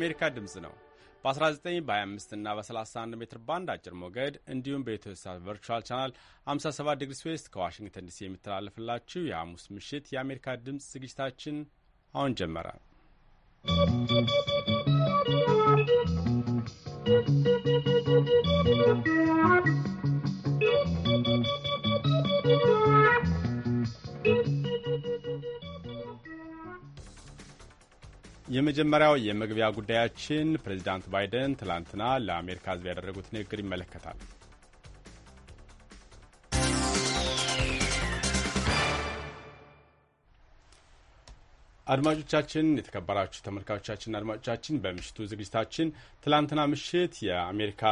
የአሜሪካ ድምፅ ነው። በ19 በ25 እና በ31 ሜትር ባንድ አጭር ሞገድ እንዲሁም በኢትዮሳት ቨርቹዋል ቻናል 57 ዲግሪ ስዌስት ከዋሽንግተን ዲሲ የሚተላለፍላችሁ የሐሙስ ምሽት የአሜሪካ ድምፅ ዝግጅታችን አሁን ጀመረ። ¶¶ የመጀመሪያው የመግቢያ ጉዳያችን ፕሬዚዳንት ባይደን ትላንትና ለአሜሪካ ሕዝብ ያደረጉት ንግግር ይመለከታል። አድማጮቻችን፣ የተከበራችሁ ተመልካቾቻችን፣ አድማጮቻችን በምሽቱ ዝግጅታችን ትላንትና ምሽት የአሜሪካ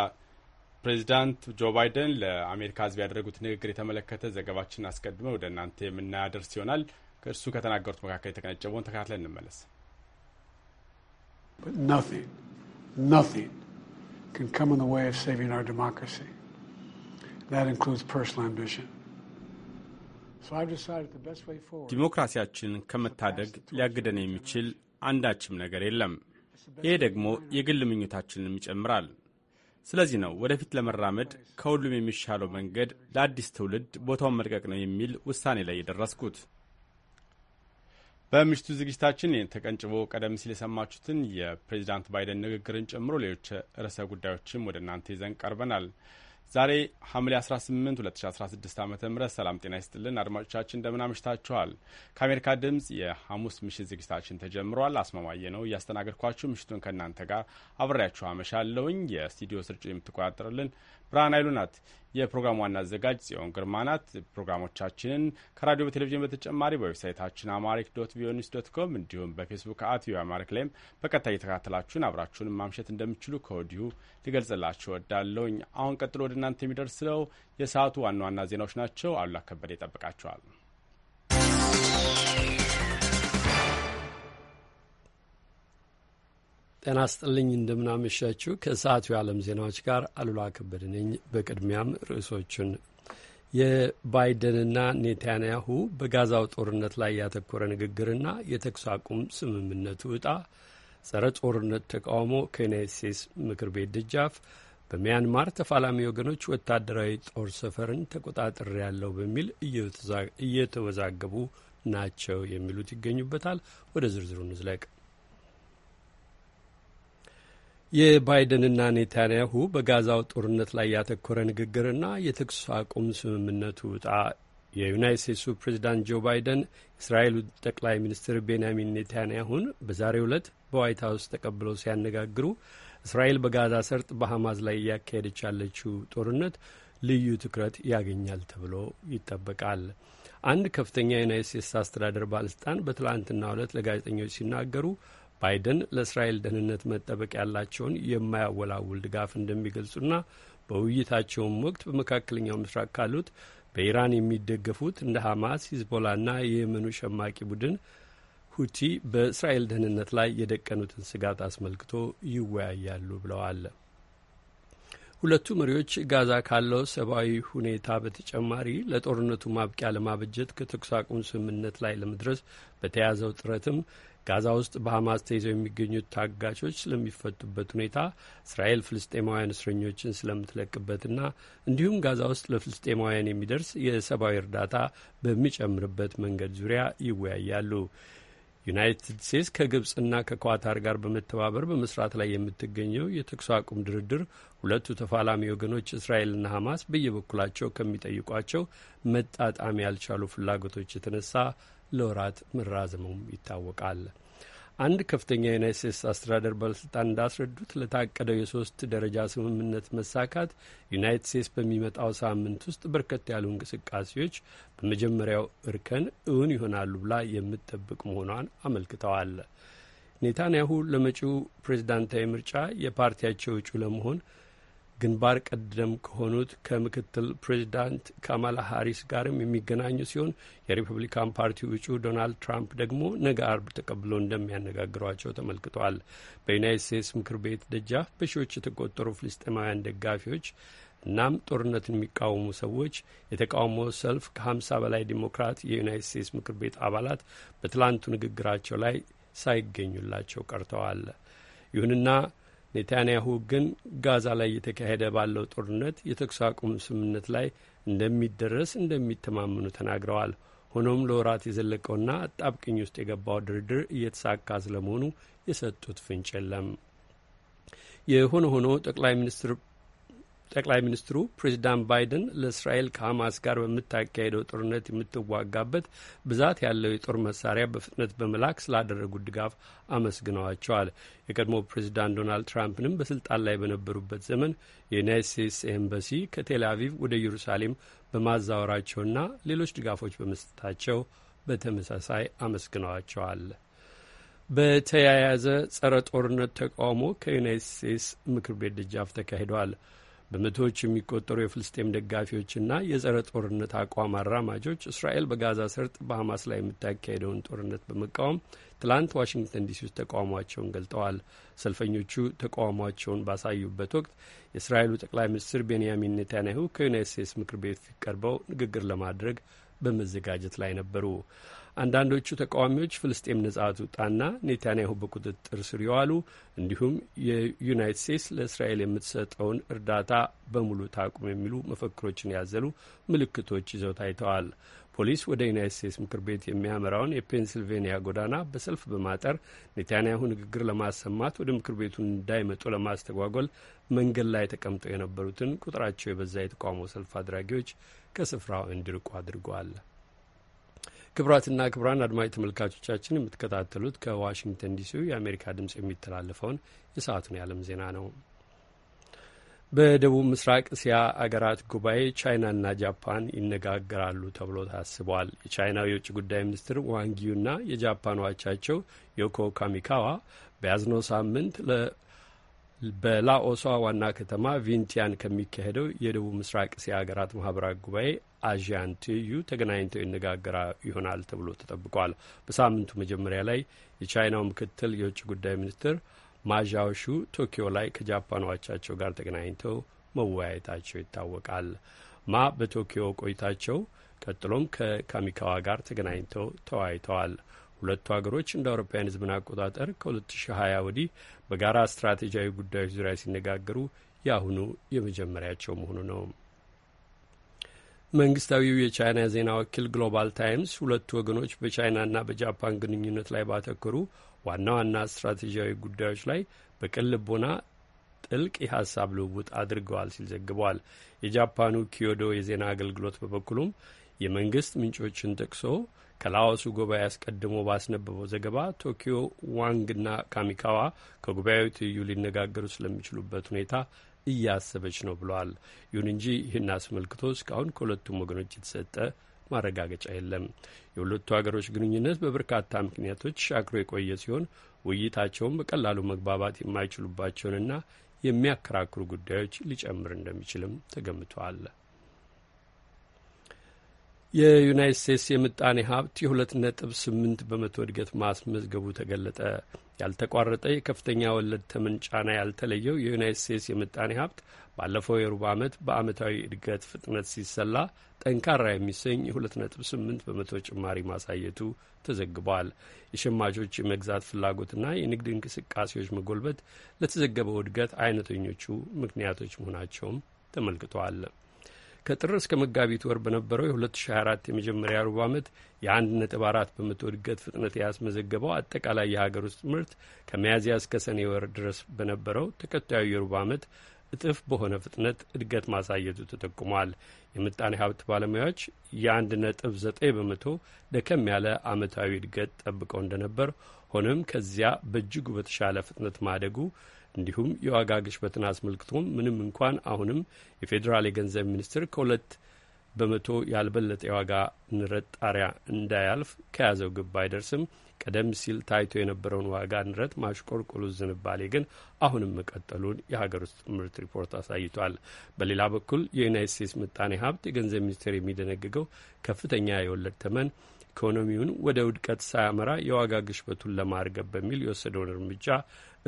ፕሬዚዳንት ጆ ባይደን ለአሜሪካ ህዝብ ያደረጉት ንግግር የተመለከተ ዘገባችን አስቀድመ ወደ እናንተ የምናያደርስ ይሆናል። ከእርሱ ከተናገሩት መካከል የተቀነጨበውን ተከታትለን እንመለስ። But nothing, nothing can come in the way of saving our democracy. That includes personal ambition. ዲሞክራሲያችን ከመታደግ ሊያግደን የሚችል አንዳችም ነገር የለም። ይሄ ደግሞ የግል ምኞታችንንም ይጨምራል። ስለዚህ ነው ወደፊት ለመራመድ ከሁሉም የሚሻለው መንገድ ለአዲስ ትውልድ ቦታውን መልቀቅ ነው የሚል ውሳኔ ላይ የደረስኩት። በምሽቱ ዝግጅታችን ተቀንጭቦ ቀደም ሲል የሰማችሁትን የፕሬዚዳንት ባይደን ንግግርን ጨምሮ ሌሎች ርዕሰ ጉዳዮችም ወደ እናንተ ይዘን ቀርበናል። ዛሬ ሐምሌ 18 2016 ዓ ም ሰላም ጤና ይስጥልን አድማጮቻችን፣ እንደምን አምሽታችኋል? ከአሜሪካ ድምፅ የሐሙስ ምሽት ዝግጅታችን ተጀምሯል። አስማማየ ነው እያስተናገድኳችሁ፣ ምሽቱን ከእናንተ ጋር አብሬያችሁ አመሻለውኝ። የስቱዲዮ ስርጭት የምትቆጣጠርልን ብርሃን ኃይሉ ናት። የፕሮግራሙ ዋና አዘጋጅ ጽዮን ግርማ ናት። ፕሮግራሞቻችንን ከራዲዮ በቴሌቪዥን በተጨማሪ በዌብሳይታችን አማሪክ ዶት ቪኦኤ ኒውስ ዶት ኮም እንዲሁም በፌስቡክ አት ቪኦኤ አማሪክ ላይም በቀጥታ እየተከታተላችሁን አብራችሁን ማምሸት እንደምችሉ ከወዲሁ ልገልጽላችሁ እወዳለሁኝ። አሁን ቀጥሎ ወደ እናንተ የሚደርስለው የሰዓቱ ዋና ዋና ዜናዎች ናቸው። አሉላ ከበደ ይጠብቃችኋል። ጤና ስጥልኝ እንደምናመሻችሁ። ከሰዓቱ የዓለም ዜናዎች ጋር አሉላ ከበደ ነኝ። በቅድሚያም ርዕሶቹን የባይደንና ኔታንያሁ በጋዛው ጦርነት ላይ ያተኮረ ንግግርና የተኩስ አቁም ስምምነቱ እጣ፣ ጸረ ጦርነት ተቃውሞ ከዩናይት ስቴትስ ምክር ቤት ደጃፍ፣ በሚያንማር ተፋላሚ ወገኖች ወታደራዊ ጦር ሰፈርን ተቆጣጠር ያለው በሚል እየተወዛገቡ ናቸው የሚሉት ይገኙበታል። ወደ ዝርዝሩ እንዝለቅ። የባይደንና ኔታንያሁ በጋዛው ጦርነት ላይ ያተኮረ ንግግርና የተኩስ አቁም ስምምነቱ ውጣ የዩናይት ስቴትሱ ፕሬዚዳንት ጆ ባይደን እስራኤሉ ጠቅላይ ሚኒስትር ቤንያሚን ኔታንያሁን በዛሬ ዕለት በዋይት ሀውስ ተቀብለው ሲያነጋግሩ እስራኤል በጋዛ ሰርጥ በሐማዝ ላይ እያካሄደች ያለችው ጦርነት ልዩ ትኩረት ያገኛል ተብሎ ይጠበቃል። አንድ ከፍተኛ የዩናይት ስቴትስ አስተዳደር ባለስልጣን በትላንትናው ዕለት ለጋዜጠኞች ሲናገሩ ባይደን ለእስራኤል ደህንነት መጠበቅ ያላቸውን የማያወላውል ድጋፍ እንደሚገልጹና በውይይታቸውም ወቅት በመካከለኛው ምስራቅ ካሉት በኢራን የሚደገፉት እንደ ሐማስ፣ ሂዝቦላና የየመኑ ሸማቂ ቡድን ሁቲ በእስራኤል ደህንነት ላይ የደቀኑትን ስጋት አስመልክቶ ይወያያሉ ብለዋል። ሁለቱ መሪዎች ጋዛ ካለው ሰብአዊ ሁኔታ በተጨማሪ ለጦርነቱ ማብቂያ ለማበጀት ከተኩስ አቁም ስምምነት ላይ ለመድረስ በተያዘው ጥረትም ጋዛ ውስጥ በሐማስ ተይዘው የሚገኙት ታጋቾች ስለሚፈቱበት ሁኔታ እስራኤል ፍልስጤማውያን እስረኞችን ስለምትለቅበትና እንዲሁም ጋዛ ውስጥ ለፍልስጤማውያን የሚደርስ የሰብአዊ እርዳታ በሚጨምርበት መንገድ ዙሪያ ይወያያሉ። ዩናይትድ ስቴትስ ከግብጽና ከኳታር ጋር በመተባበር በመስራት ላይ የምትገኘው የተኩስ አቁም ድርድር ሁለቱ ተፋላሚ ወገኖች እስራኤልና ሐማስ በየበኩላቸው ከሚጠይቋቸው መጣጣም ያልቻሉ ፍላጎቶች የተነሳ ለወራት መራዘሙም ይታወቃል። አንድ ከፍተኛ የዩናይት ስቴትስ አስተዳደር ባለስልጣን እንዳስረዱት ለታቀደው የሶስት ደረጃ ስምምነት መሳካት ዩናይት ስቴትስ በሚመጣው ሳምንት ውስጥ በርከት ያሉ እንቅስቃሴዎች በመጀመሪያው እርከን እውን ይሆናሉ ብላ የምትጠብቅ መሆኗን አመልክተዋል። ኔታንያሁ ለመጪው ፕሬዝዳንታዊ ምርጫ የፓርቲያቸው እጩ ለመሆን ግንባር ቀደም ከሆኑት ከምክትል ፕሬዚዳንት ካማላ ሀሪስ ጋርም የሚገናኙ ሲሆን የሪፐብሊካን ፓርቲ እጩ ዶናልድ ትራምፕ ደግሞ ነገ አርብ ተቀብሎ እንደሚያነጋግሯቸው ተመልክቷል። በዩናይት ስቴትስ ምክር ቤት ደጃፍ በሺዎች የተቆጠሩ ፍልስጤማውያን ደጋፊዎች እናም ጦርነትን የሚቃወሙ ሰዎች የተቃውሞ ሰልፍ ከ በላይ ዲሞክራት የዩናይት ስቴትስ ምክር ቤት አባላት በትላንቱ ንግግራቸው ላይ ሳይገኙላቸው ቀርተዋል። ይሁንና ኔታንያሁ ግን ጋዛ ላይ እየተካሄደ ባለው ጦርነት የተኩስ አቁም ስምምነት ላይ እንደሚደረስ እንደሚተማመኑ ተናግረዋል። ሆኖም ለወራት የዘለቀውና አጣብቅኝ ውስጥ የገባው ድርድር እየተሳካ ስለመሆኑ የሰጡት ፍንጭ የለም። የሆነ ሆኖ ጠቅላይ ሚኒስትር ጠቅላይ ሚኒስትሩ ፕሬዚዳንት ባይደን ለእስራኤል ከሐማስ ጋር በምታካሄደው ጦርነት የምትዋጋበት ብዛት ያለው የጦር መሳሪያ በፍጥነት በመላክ ስላደረጉት ድጋፍ አመስግነዋቸዋል። የቀድሞ ፕሬዚዳንት ዶናልድ ትራምፕንም በስልጣን ላይ በነበሩበት ዘመን የዩናይት ስቴትስ ኤምባሲ ከቴል አቪቭ ወደ ኢየሩሳሌም በማዛወራቸውና ሌሎች ድጋፎች በመስጠታቸው በተመሳሳይ አመስግነዋቸዋል። በተያያዘ ጸረ ጦርነት ተቃውሞ ከዩናይት ስቴትስ ምክር ቤት ደጃፍ ተካሂደዋል። በመቶዎች የሚቆጠሩ የፍልስጤም ደጋፊዎችና የጸረ ጦርነት አቋም አራማጆች እስራኤል በጋዛ ሰርጥ በሐማስ ላይ የምታካሄደውን ጦርነት በመቃወም ትላንት ዋሽንግተን ዲሲ ውስጥ ተቃውሟቸውን ገልጠዋል። ሰልፈኞቹ ተቃውሟቸውን ባሳዩበት ወቅት የእስራኤሉ ጠቅላይ ሚኒስትር ቤንያሚን ኔታንያሁ ከዩናይት ስቴትስ ምክር ቤት ፊት ቀርበው ንግግር ለማድረግ በመዘጋጀት ላይ ነበሩ። አንዳንዶቹ ተቃዋሚዎች ፍልስጤም ነጻ ትውጣና ኔታንያሁ በቁጥጥር ስር ይዋሉ፣ እንዲሁም የዩናይት ስቴትስ ለእስራኤል የምትሰጠውን እርዳታ በሙሉ ታቁም የሚሉ መፈክሮችን ያዘሉ ምልክቶች ይዘው ታይተዋል። ፖሊስ ወደ ዩናይት ስቴትስ ምክር ቤት የሚያመራውን የፔንስልቬንያ ጎዳና በሰልፍ በማጠር ኔታንያሁ ንግግር ለማሰማት ወደ ምክር ቤቱ እንዳይመጡ ለማስተጓጎል መንገድ ላይ ተቀምጠው የነበሩትን ቁጥራቸው የበዛ የተቃውሞ ሰልፍ አድራጊዎች ከስፍራው እንዲርቁ አድርጓል። ክቡራትና ክቡራን አድማጭ ተመልካቾቻችን የምትከታተሉት ከዋሽንግተን ዲሲው የአሜሪካ ድምፅ የሚተላለፈውን የሰዓቱን የዓለም ዜና ነው። በደቡብ ምስራቅ እስያ አገራት ጉባኤ ቻይናና ጃፓን ይነጋገራሉ ተብሎ ታስቧል። የቻይናው የውጭ ጉዳይ ሚኒስትር ዋንጊዩና የጃፓን ዋቻቸው ዮኮ ካሚካዋ በያዝነው ሳምንት በላኦሷ ዋና ከተማ ቪንቲያን ከሚካሄደው የደቡብ ምስራቅ እስያ ሀገራት ማህበራዊ ጉባኤ አዣን ትይዩ ተገናኝተው ይነጋገራ ይሆናል ተብሎ ተጠብቋል። በሳምንቱ መጀመሪያ ላይ የቻይናው ምክትል የውጭ ጉዳይ ሚኒስትር ማዣውሹ ቶኪዮ ላይ ከጃፓን አቻቸው ጋር ተገናኝተው መወያየታቸው ይታወቃል። ማ በቶኪዮ ቆይታቸው ቀጥሎም ከካሚካዋ ጋር ተገናኝተው ተወያይተዋል። ሁለቱ ሀገሮች እንደ አውሮፓውያን ህዝብን አቆጣጠር ከ2020 ወዲህ በጋራ ስትራቴጂያዊ ጉዳዮች ዙሪያ ሲነጋገሩ የአሁኑ የመጀመሪያቸው መሆኑ ነው። መንግስታዊው የቻይና ዜና ወኪል ግሎባል ታይምስ ሁለቱ ወገኖች በቻይናና በጃፓን ግንኙነት ላይ ባተኮሩ ዋና ዋና ስትራቴጂያዊ ጉዳዮች ላይ በቅን ልቦና ጥልቅ የሀሳብ ልውውጥ አድርገዋል ሲል ዘግበዋል። የጃፓኑ ኪዮዶ የዜና አገልግሎት በበኩሉም የመንግስት ምንጮችን ጠቅሶ ከላኦሱ ጉባኤ አስቀድሞ ባስነበበው ዘገባ ቶኪዮ ዋንግና ካሚካዋ ከጉባኤው ትይዩ ሊነጋገሩ ስለሚችሉበት ሁኔታ እያሰበች ነው ብለዋል። ይሁን እንጂ ይህን አስመልክቶ እስካሁን ከሁለቱም ወገኖች የተሰጠ ማረጋገጫ የለም። የሁለቱ ሀገሮች ግንኙነት በበርካታ ምክንያቶች ሻክሮ የቆየ ሲሆን ውይይታቸውን በቀላሉ መግባባት የማይችሉባቸውንና የሚያከራክሩ ጉዳዮች ሊጨምር እንደሚችልም ተገምቷል። የዩናይት ስቴትስ የምጣኔ ሀብት የሁለት ነጥብ ስምንት በመቶ እድገት ማስመዝገቡ ተገለጠ። ያልተቋረጠ የከፍተኛ ወለድ ተመን ጫና ያልተለየው የዩናይት ስቴትስ የምጣኔ ሀብት ባለፈው የሩብ ዓመት በአመታዊ እድገት ፍጥነት ሲሰላ ጠንካራ የሚሰኝ የሁለት ነጥብ ስምንት በመቶ ጭማሪ ማሳየቱ ተዘግቧል። የሸማቾች የመግዛት ፍላጎትና የንግድ እንቅስቃሴዎች መጎልበት ለተዘገበው እድገት አይነተኞቹ ምክንያቶች መሆናቸውም ተመልክተዋል። ከጥር እስከ መጋቢት ወር በነበረው የ2024 የመጀመሪያ ሩብ ዓመት የ1.4 በመቶ እድገት ፍጥነት ያስመዘገበው አጠቃላይ የሀገር ውስጥ ምርት ከሚያዝያ እስከ ሰኔ ወር ድረስ በነበረው ተከታዩ የሩብ ዓመት እጥፍ በሆነ ፍጥነት እድገት ማሳየቱ ተጠቁሟል። የምጣኔ ሀብት ባለሙያዎች የ1.9 በመቶ ደከም ያለ ዓመታዊ እድገት ጠብቀው እንደነበር ሆኖም ከዚያ በእጅጉ በተሻለ ፍጥነት ማደጉ እንዲሁም የዋጋ ግሽበትን አስመልክቶም ምንም እንኳን አሁንም የፌዴራል የገንዘብ ሚኒስቴር ከሁለት በመቶ ያልበለጠ የዋጋ ንረት ጣሪያ እንዳያልፍ ከያዘው ግብ አይደርስም። ቀደም ሲል ታይቶ የነበረውን ዋጋ ንረት ማሽቆልቆሉ ዝንባሌ ግን አሁንም መቀጠሉን የሀገር ውስጥ ምርት ሪፖርት አሳይቷል። በሌላ በኩል የዩናይት ስቴትስ ምጣኔ ሀብት የገንዘብ ሚኒስቴር የሚደነግገው ከፍተኛ የወለድ ተመን ኢኮኖሚውን ወደ ውድቀት ሳያመራ የዋጋ ግሽበቱን ለማርገብ በሚል የወሰደውን እርምጃ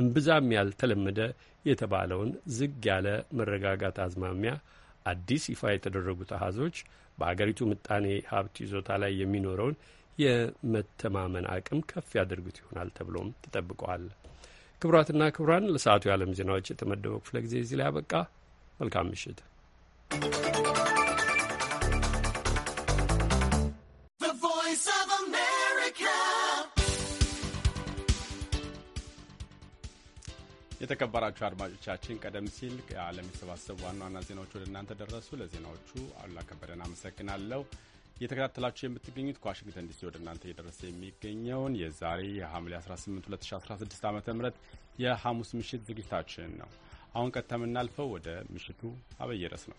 እምብዛም ያልተለመደ የተባለውን ዝግ ያለ መረጋጋት አዝማሚያ አዲስ ይፋ የተደረጉት አሃዞች በሀገሪቱ ምጣኔ ሀብት ይዞታ ላይ የሚኖረውን የመተማመን አቅም ከፍ ያደርጉት ይሆናል ተብሎም ተጠብቀዋል። ክቡራትና ክቡራን፣ ለሰዓቱ የዓለም ዜናዎች የተመደበው ክፍለ ጊዜ እዚህ ላይ ያበቃ። መልካም ምሽት። የተከበራችሁ አድማጮቻችን ቀደም ሲል የዓለም የተሰባሰቡ ዋና ዋና ዜናዎች ወደ እናንተ ደረሱ። ለዜናዎቹ አሉላ ከበደን አመሰግናለሁ። እየተከታተላችሁ የምትገኙት ከዋሽንግተን ዲሲ ወደ እናንተ እየደረሰ የሚገኘውን የዛሬ የሐምሌ 18 2016 ዓ ም የሐሙስ ምሽት ዝግጅታችን ነው። አሁን ቀጥታ የምናልፈው ወደ ምሽቱ አበየረስ ነው።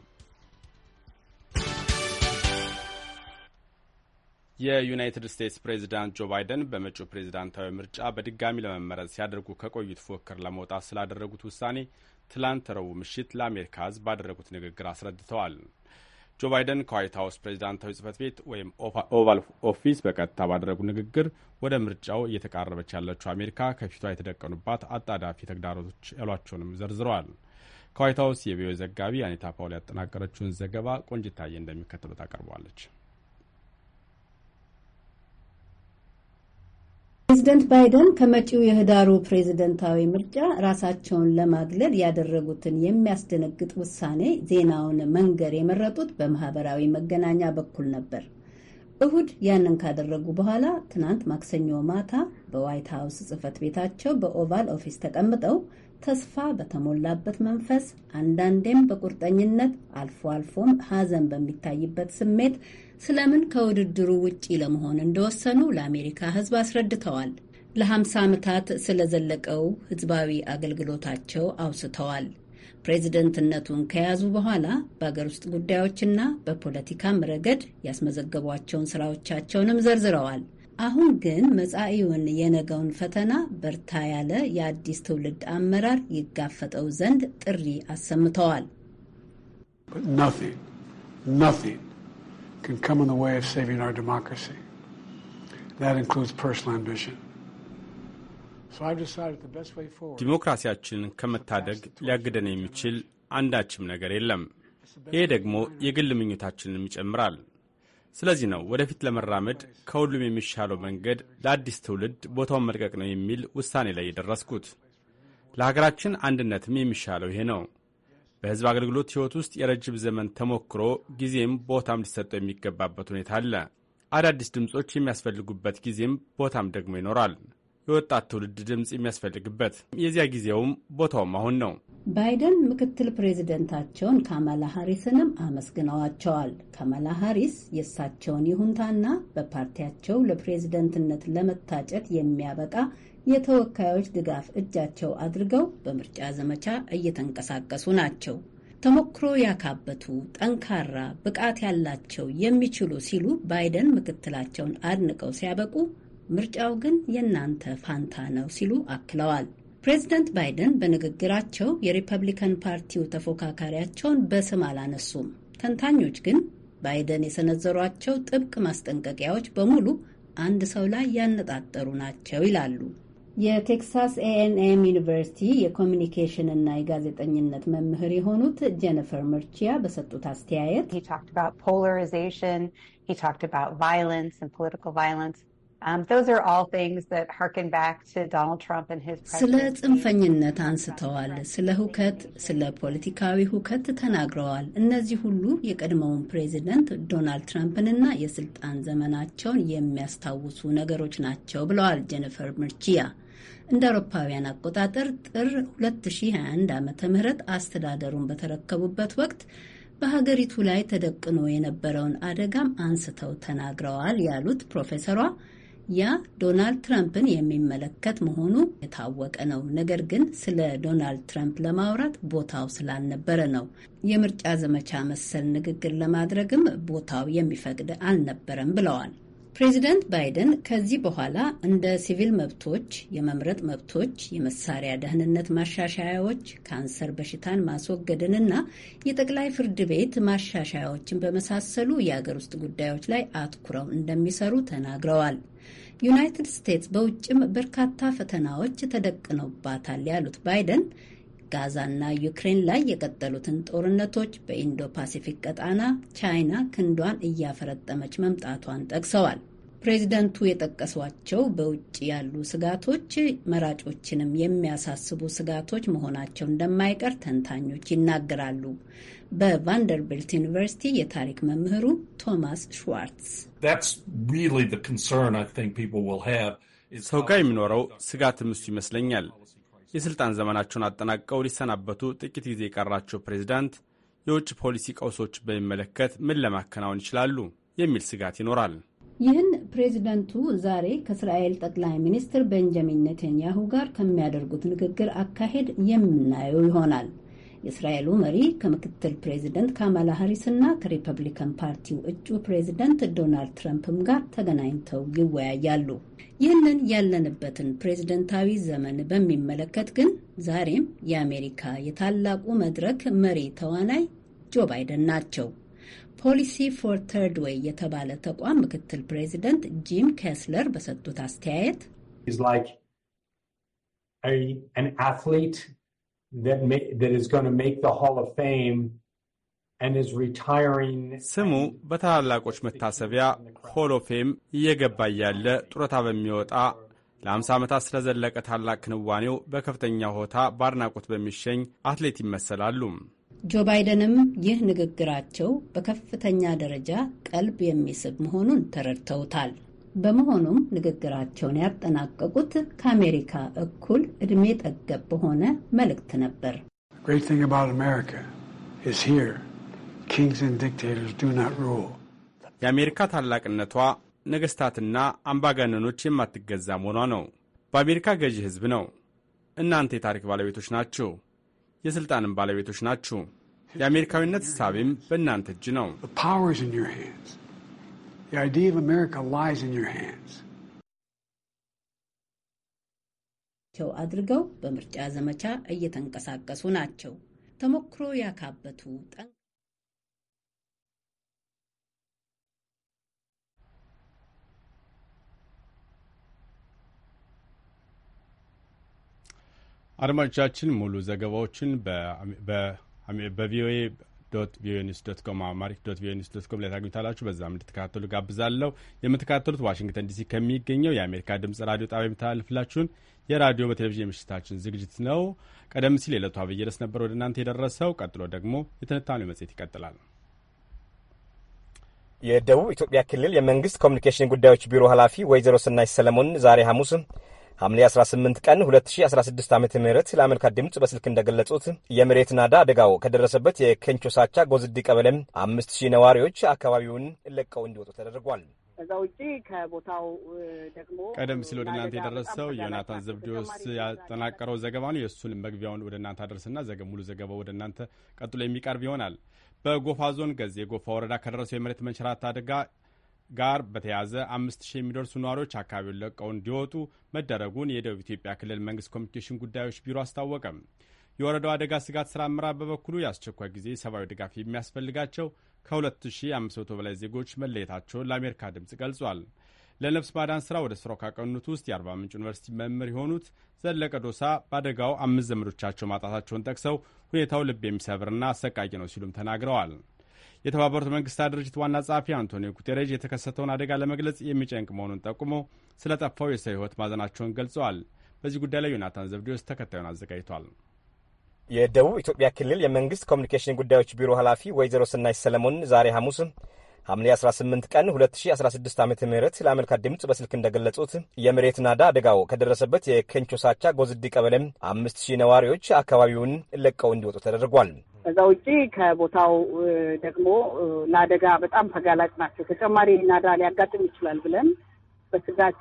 የዩናይትድ ስቴትስ ፕሬዚዳንት ጆ ባይደን በመጪው ፕሬዚዳንታዊ ምርጫ በድጋሚ ለመመረጥ ሲያደርጉ ከቆዩት ፉክክር ለመውጣት ስላደረጉት ውሳኔ ትላንት ረቡዕ ምሽት ለአሜሪካ ሕዝብ ባደረጉት ንግግር አስረድተዋል። ጆ ባይደን ከዋይት ሀውስ ፕሬዚዳንታዊ ጽህፈት ቤት ወይም ኦቫል ኦፊስ በቀጥታ ባደረጉ ንግግር ወደ ምርጫው እየተቃረበች ያለችው አሜሪካ ከፊቷ የተደቀኑባት አጣዳፊ ተግዳሮቶች ያሏቸውንም ዘርዝረዋል። ከዋይት ሀውስ የቪኦኤ ዘጋቢ አኒታ ፓውል ያጠናቀረችውን ዘገባ ቆንጅታዬ እንደሚከተሉት አቀርበዋለች። ፕሬዚደንት ባይደን ከመጪው የህዳሩ ፕሬዝደንታዊ ምርጫ ራሳቸውን ለማግለል ያደረጉትን የሚያስደነግጥ ውሳኔ ዜናውን መንገር የመረጡት በማህበራዊ መገናኛ በኩል ነበር። እሁድ ያንን ካደረጉ በኋላ ትናንት ማክሰኞ ማታ በዋይት ሀውስ ጽህፈት ቤታቸው በኦቫል ኦፊስ ተቀምጠው ተስፋ በተሞላበት መንፈስ አንዳንዴም በቁርጠኝነት አልፎ አልፎም ሀዘን በሚታይበት ስሜት ስለምን ከውድድሩ ውጪ ለመሆን እንደወሰኑ ለአሜሪካ ሕዝብ አስረድተዋል። ለ50 ዓመታት ስለዘለቀው ሕዝባዊ አገልግሎታቸው አውስተዋል። ፕሬዝደንትነቱን ከያዙ በኋላ በአገር ውስጥ ጉዳዮችና በፖለቲካም ረገድ ያስመዘገቧቸውን ስራዎቻቸውንም ዘርዝረዋል። አሁን ግን መጻኢውን የነገውን ፈተና በርታ ያለ የአዲስ ትውልድ አመራር ይጋፈጠው ዘንድ ጥሪ አሰምተዋል። can come in the way of saving our democracy. That includes personal ambition. ዲሞክራሲያችንን ከመታደግ ሊያግደን የሚችል አንዳችም ነገር የለም። ይሄ ደግሞ የግል ምኞታችንንም ይጨምራል። ስለዚህ ነው ወደፊት ለመራመድ ከሁሉም የሚሻለው መንገድ ለአዲስ ትውልድ ቦታውን መልቀቅ ነው የሚል ውሳኔ ላይ የደረስኩት። ለሀገራችን አንድነትም የሚሻለው ይሄ ነው። በህዝብ አገልግሎት ሕይወት ውስጥ የረጅም ዘመን ተሞክሮ ጊዜም ቦታም ሊሰጠው የሚገባበት ሁኔታ አለ። አዳዲስ ድምፆች የሚያስፈልጉበት ጊዜም ቦታም ደግሞ ይኖራል። የወጣት ትውልድ ድምፅ የሚያስፈልግበት የዚያ ጊዜውም ቦታውም አሁን ነው። ባይደን ምክትል ፕሬዚደንታቸውን ካማላ ሃሪስንም አመስግነዋቸዋል። ካማላ ሃሪስ የእሳቸውን ይሁንታና በፓርቲያቸው ለፕሬዚደንትነት ለመታጨት የሚያበቃ የተወካዮች ድጋፍ እጃቸው አድርገው በምርጫ ዘመቻ እየተንቀሳቀሱ ናቸው። ተሞክሮ ያካበቱ፣ ጠንካራ፣ ብቃት ያላቸው፣ የሚችሉ ሲሉ ባይደን ምክትላቸውን አድንቀው ሲያበቁ ምርጫው ግን የእናንተ ፋንታ ነው ሲሉ አክለዋል። ፕሬዚደንት ባይደን በንግግራቸው የሪፐብሊካን ፓርቲው ተፎካካሪያቸውን በስም አላነሱም። ተንታኞች ግን ባይደን የሰነዘሯቸው ጥብቅ ማስጠንቀቂያዎች በሙሉ አንድ ሰው ላይ ያነጣጠሩ ናቸው ይላሉ። የቴክሳስ ኤኤንኤም ዩኒቨርሲቲ የኮሚኒኬሽን እና የጋዜጠኝነት መምህር የሆኑት ጄኒፈር ምርቺያ በሰጡት አስተያየት Um, ስለ ጽንፈኝነት አንስተዋል። ስለ ሁከት፣ ስለ ፖለቲካዊ ሁከት ተናግረዋል። እነዚህ ሁሉ የቀድሞውን ፕሬዚደንት ዶናልድ ትራምፕንና የስልጣን ዘመናቸውን የሚያስታውሱ ነገሮች ናቸው ብለዋል ጀኒፈር ምርቺያ። እንደ አውሮፓውያን አቆጣጠር ጥር 2021 ዓ ም አስተዳደሩን በተረከቡበት ወቅት በሀገሪቱ ላይ ተደቅኖ የነበረውን አደጋም አንስተው ተናግረዋል ያሉት ፕሮፌሰሯ ያ ዶናልድ ትራምፕን የሚመለከት መሆኑ የታወቀ ነው። ነገር ግን ስለ ዶናልድ ትራምፕ ለማውራት ቦታው ስላልነበረ ነው። የምርጫ ዘመቻ መሰል ንግግር ለማድረግም ቦታው የሚፈቅድ አልነበረም ብለዋል። ፕሬዚደንት ባይደን ከዚህ በኋላ እንደ ሲቪል መብቶች፣ የመምረጥ መብቶች፣ የመሳሪያ ደህንነት ማሻሻያዎች፣ ካንሰር በሽታን ማስወገድንና የጠቅላይ ፍርድ ቤት ማሻሻያዎችን በመሳሰሉ የአገር ውስጥ ጉዳዮች ላይ አትኩረው እንደሚሰሩ ተናግረዋል። ዩናይትድ ስቴትስ በውጭም በርካታ ፈተናዎች ተደቅኖባታል ያሉት ባይደን ጋዛና ዩክሬን ላይ የቀጠሉትን ጦርነቶች፣ በኢንዶ ፓሲፊክ ቀጣና ቻይና ክንዷን እያፈረጠመች መምጣቷን ጠቅሰዋል። ፕሬዚደንቱ የጠቀሷቸው በውጭ ያሉ ስጋቶች መራጮችንም የሚያሳስቡ ስጋቶች መሆናቸው እንደማይቀር ተንታኞች ይናገራሉ። በቫንደርቢልት ዩኒቨርሲቲ የታሪክ መምህሩ ቶማስ ሽዋርትስ ሰው ጋር የሚኖረው ስጋትም እሱ ይመስለኛል። የስልጣን ዘመናቸውን አጠናቀው ሊሰናበቱ ጥቂት ጊዜ የቀራቸው ፕሬዚዳንት የውጭ ፖሊሲ ቀውሶች በሚመለከት ምን ለማከናወን ይችላሉ የሚል ስጋት ይኖራል። ይህን ፕሬዚደንቱ ዛሬ ከእስራኤል ጠቅላይ ሚኒስትር ቤንጃሚን ኔተንያሁ ጋር ከሚያደርጉት ንግግር አካሄድ የምናየው ይሆናል። የእስራኤሉ መሪ ከምክትል ፕሬዚደንት ካማላ ሀሪስ እና ከሪፐብሊካን ፓርቲው እጩ ፕሬዚደንት ዶናልድ ትረምፕም ጋር ተገናኝተው ይወያያሉ። ይህንን ያለንበትን ፕሬዝደንታዊ ዘመን በሚመለከት ግን ዛሬም የአሜሪካ የታላቁ መድረክ መሪ ተዋናይ ጆ ባይደን ናቸው። ፖሊሲ ፎር ተርድ ዌይ የተባለ ተቋም ምክትል ፕሬዚደንት ጂም ኬስለር በሰጡት አስተያየት ስሙ በታላላቆች መታሰቢያ ሆል ኦፍ ፌም እየገባ እያለ ጡረታ በሚወጣ ለ ዓመታት ስለዘለቀ ታላቅ ክንዋኔው በከፍተኛ ሆታ በአድናቆት በሚሸኝ አትሌት ይመሰላሉ። ጆ ባይደንም ይህ ንግግራቸው በከፍተኛ ደረጃ ቀልብ የሚስብ መሆኑን ተረድተውታል። በመሆኑም ንግግራቸውን ያጠናቀቁት ከአሜሪካ እኩል ዕድሜ ጠገብ በሆነ መልእክት ነበር። የአሜሪካ ታላቅነቷ ነገሥታትና አምባገነኖች የማትገዛ መሆኗ ነው። በአሜሪካ ገዢ ሕዝብ ነው። እናንተ የታሪክ ባለቤቶች ናችሁ። የሥልጣንም ባለቤቶች ናችሁ። የአሜሪካዊነት እሳቤም በእናንተ እጅ ነው። አድርገው በምርጫ ዘመቻ እየተንቀሳቀሱ ናቸው። ተሞክሮ ያካበቱ አድማጮቻችን ሙሉ ዘገባዎችን በቪኦኤ ዶት ቪኦኤ ኒውስ ዶት ኮም አማሪክ ዶት ቪኦኤ ኒውስ ዶት ኮም ላይ ታግኝታላችሁ። በዛም እንድትከታተሉ ጋብዛለሁ። የምትከታተሉት ዋሽንግተን ዲሲ ከሚገኘው የአሜሪካ ድምጽ ራዲዮ ጣቢያ የሚተላለፍላችሁን የራዲዮ በቴሌቪዥን የምሽታችን ዝግጅት ነው። ቀደም ሲል የዕለቱ አብይ ርዕስ ነበር ወደ እናንተ የደረሰው። ቀጥሎ ደግሞ የትንታኔው መጽሔት ይቀጥላል። የደቡብ ኢትዮጵያ ክልል የመንግስት ኮሚኒኬሽን ጉዳዮች ቢሮ ኃላፊ ወይዘሮ ስናይ ሰለሞን ዛሬ ሐሙስ ሐምሌ 18 ቀን 2016 ዓ ም ለአሜሪካ ድምፅ በስልክ እንደገለጹት የመሬት ናዳ አደጋው ከደረሰበት የኬንቾ ሳቻ ጎዝዲ ቀበሌም አምስት ሺህ ነዋሪዎች አካባቢውን ለቀው እንዲወጡ ተደርጓል። ከዛ ውጪ ከቦታው ደግሞ ቀደም ሲል ወደ እናንተ የደረሰው ዮናታን ዘብዲዎስ ያጠናቀረው ዘገባ ነው። የእሱን መግቢያውን ወደ እናንተ አድርስና ዘገ ሙሉ ዘገባው ወደ እናንተ ቀጥሎ የሚቀርብ ይሆናል። በጎፋ ዞን ገዜ ጎፋ ወረዳ ከደረሰው የመሬት መንሸራት አደጋ ጋር በተያያዘ አምስት ሺህ የሚደርሱ ነዋሪዎች አካባቢውን ለቀው እንዲወጡ መደረጉን የደቡብ ኢትዮጵያ ክልል መንግስት ኮሚኒኬሽን ጉዳዮች ቢሮ አስታወቀም። የወረዳው አደጋ ስጋት ስራ አመራር በበኩሉ የአስቸኳይ ጊዜ ሰብአዊ ድጋፍ የሚያስፈልጋቸው ከ2500 በላይ ዜጎች መለየታቸውን ለአሜሪካ ድምፅ ገልጿል። ለነፍስ ማዳን ስራ ወደ ስራው ካቀኑት ውስጥ የአርባ ምንጭ ዩኒቨርሲቲ መምህር የሆኑት ዘለቀ ዶሳ በአደጋው አምስት ዘመዶቻቸው ማጣታቸውን ጠቅሰው ሁኔታው ልብ የሚሰብርና አሰቃቂ ነው ሲሉም ተናግረዋል። የተባበሩት መንግስታት ድርጅት ዋና ጸሐፊ አንቶኒዮ ጉቴሬጅ የተከሰተውን አደጋ ለመግለጽ የሚጨንቅ መሆኑን ጠቁሞ ስለ ጠፋው የሰው ህይወት ማዘናቸውን ገልጸዋል። በዚህ ጉዳይ ላይ ዮናታን ዘብዴዎስ ተከታዩን አዘጋጅቷል። የደቡብ ኢትዮጵያ ክልል የመንግስት ኮሚኒኬሽን ጉዳዮች ቢሮ ኃላፊ ወይዘሮ ስናይ ሰለሞን ዛሬ ሐሙስ ሐምሌ 18 ቀን 2016 ዓ ም ለአሜሪካ ድምፅ በስልክ እንደገለጹት የመሬት ናዳ አደጋው ከደረሰበት የኬንቾሳቻ ጎዝዲ ቀበሌም አምስት ሺህ ነዋሪዎች አካባቢውን ለቀው እንዲወጡ ተደርጓል። ከዛ ውጭ ከቦታው ደግሞ ለአደጋ በጣም ተጋላጭ ናቸው፣ ተጨማሪ ናዳ ሊያጋጥም ይችላል ብለን በስጋት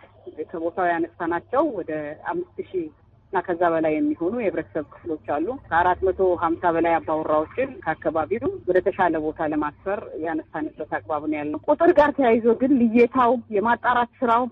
ከቦታው ያነሳናቸው ወደ አምስት ሺህ እና ከዛ በላይ የሚሆኑ የህብረተሰብ ክፍሎች አሉ። ከአራት መቶ ሀምሳ በላይ አባወራዎችን ከአካባቢው ወደ ተሻለ ቦታ ለማስፈር ያነሳንበት አግባብ ነው ያለው። ቁጥር ጋር ተያይዞ ግን ልየታው የማጣራት ስራው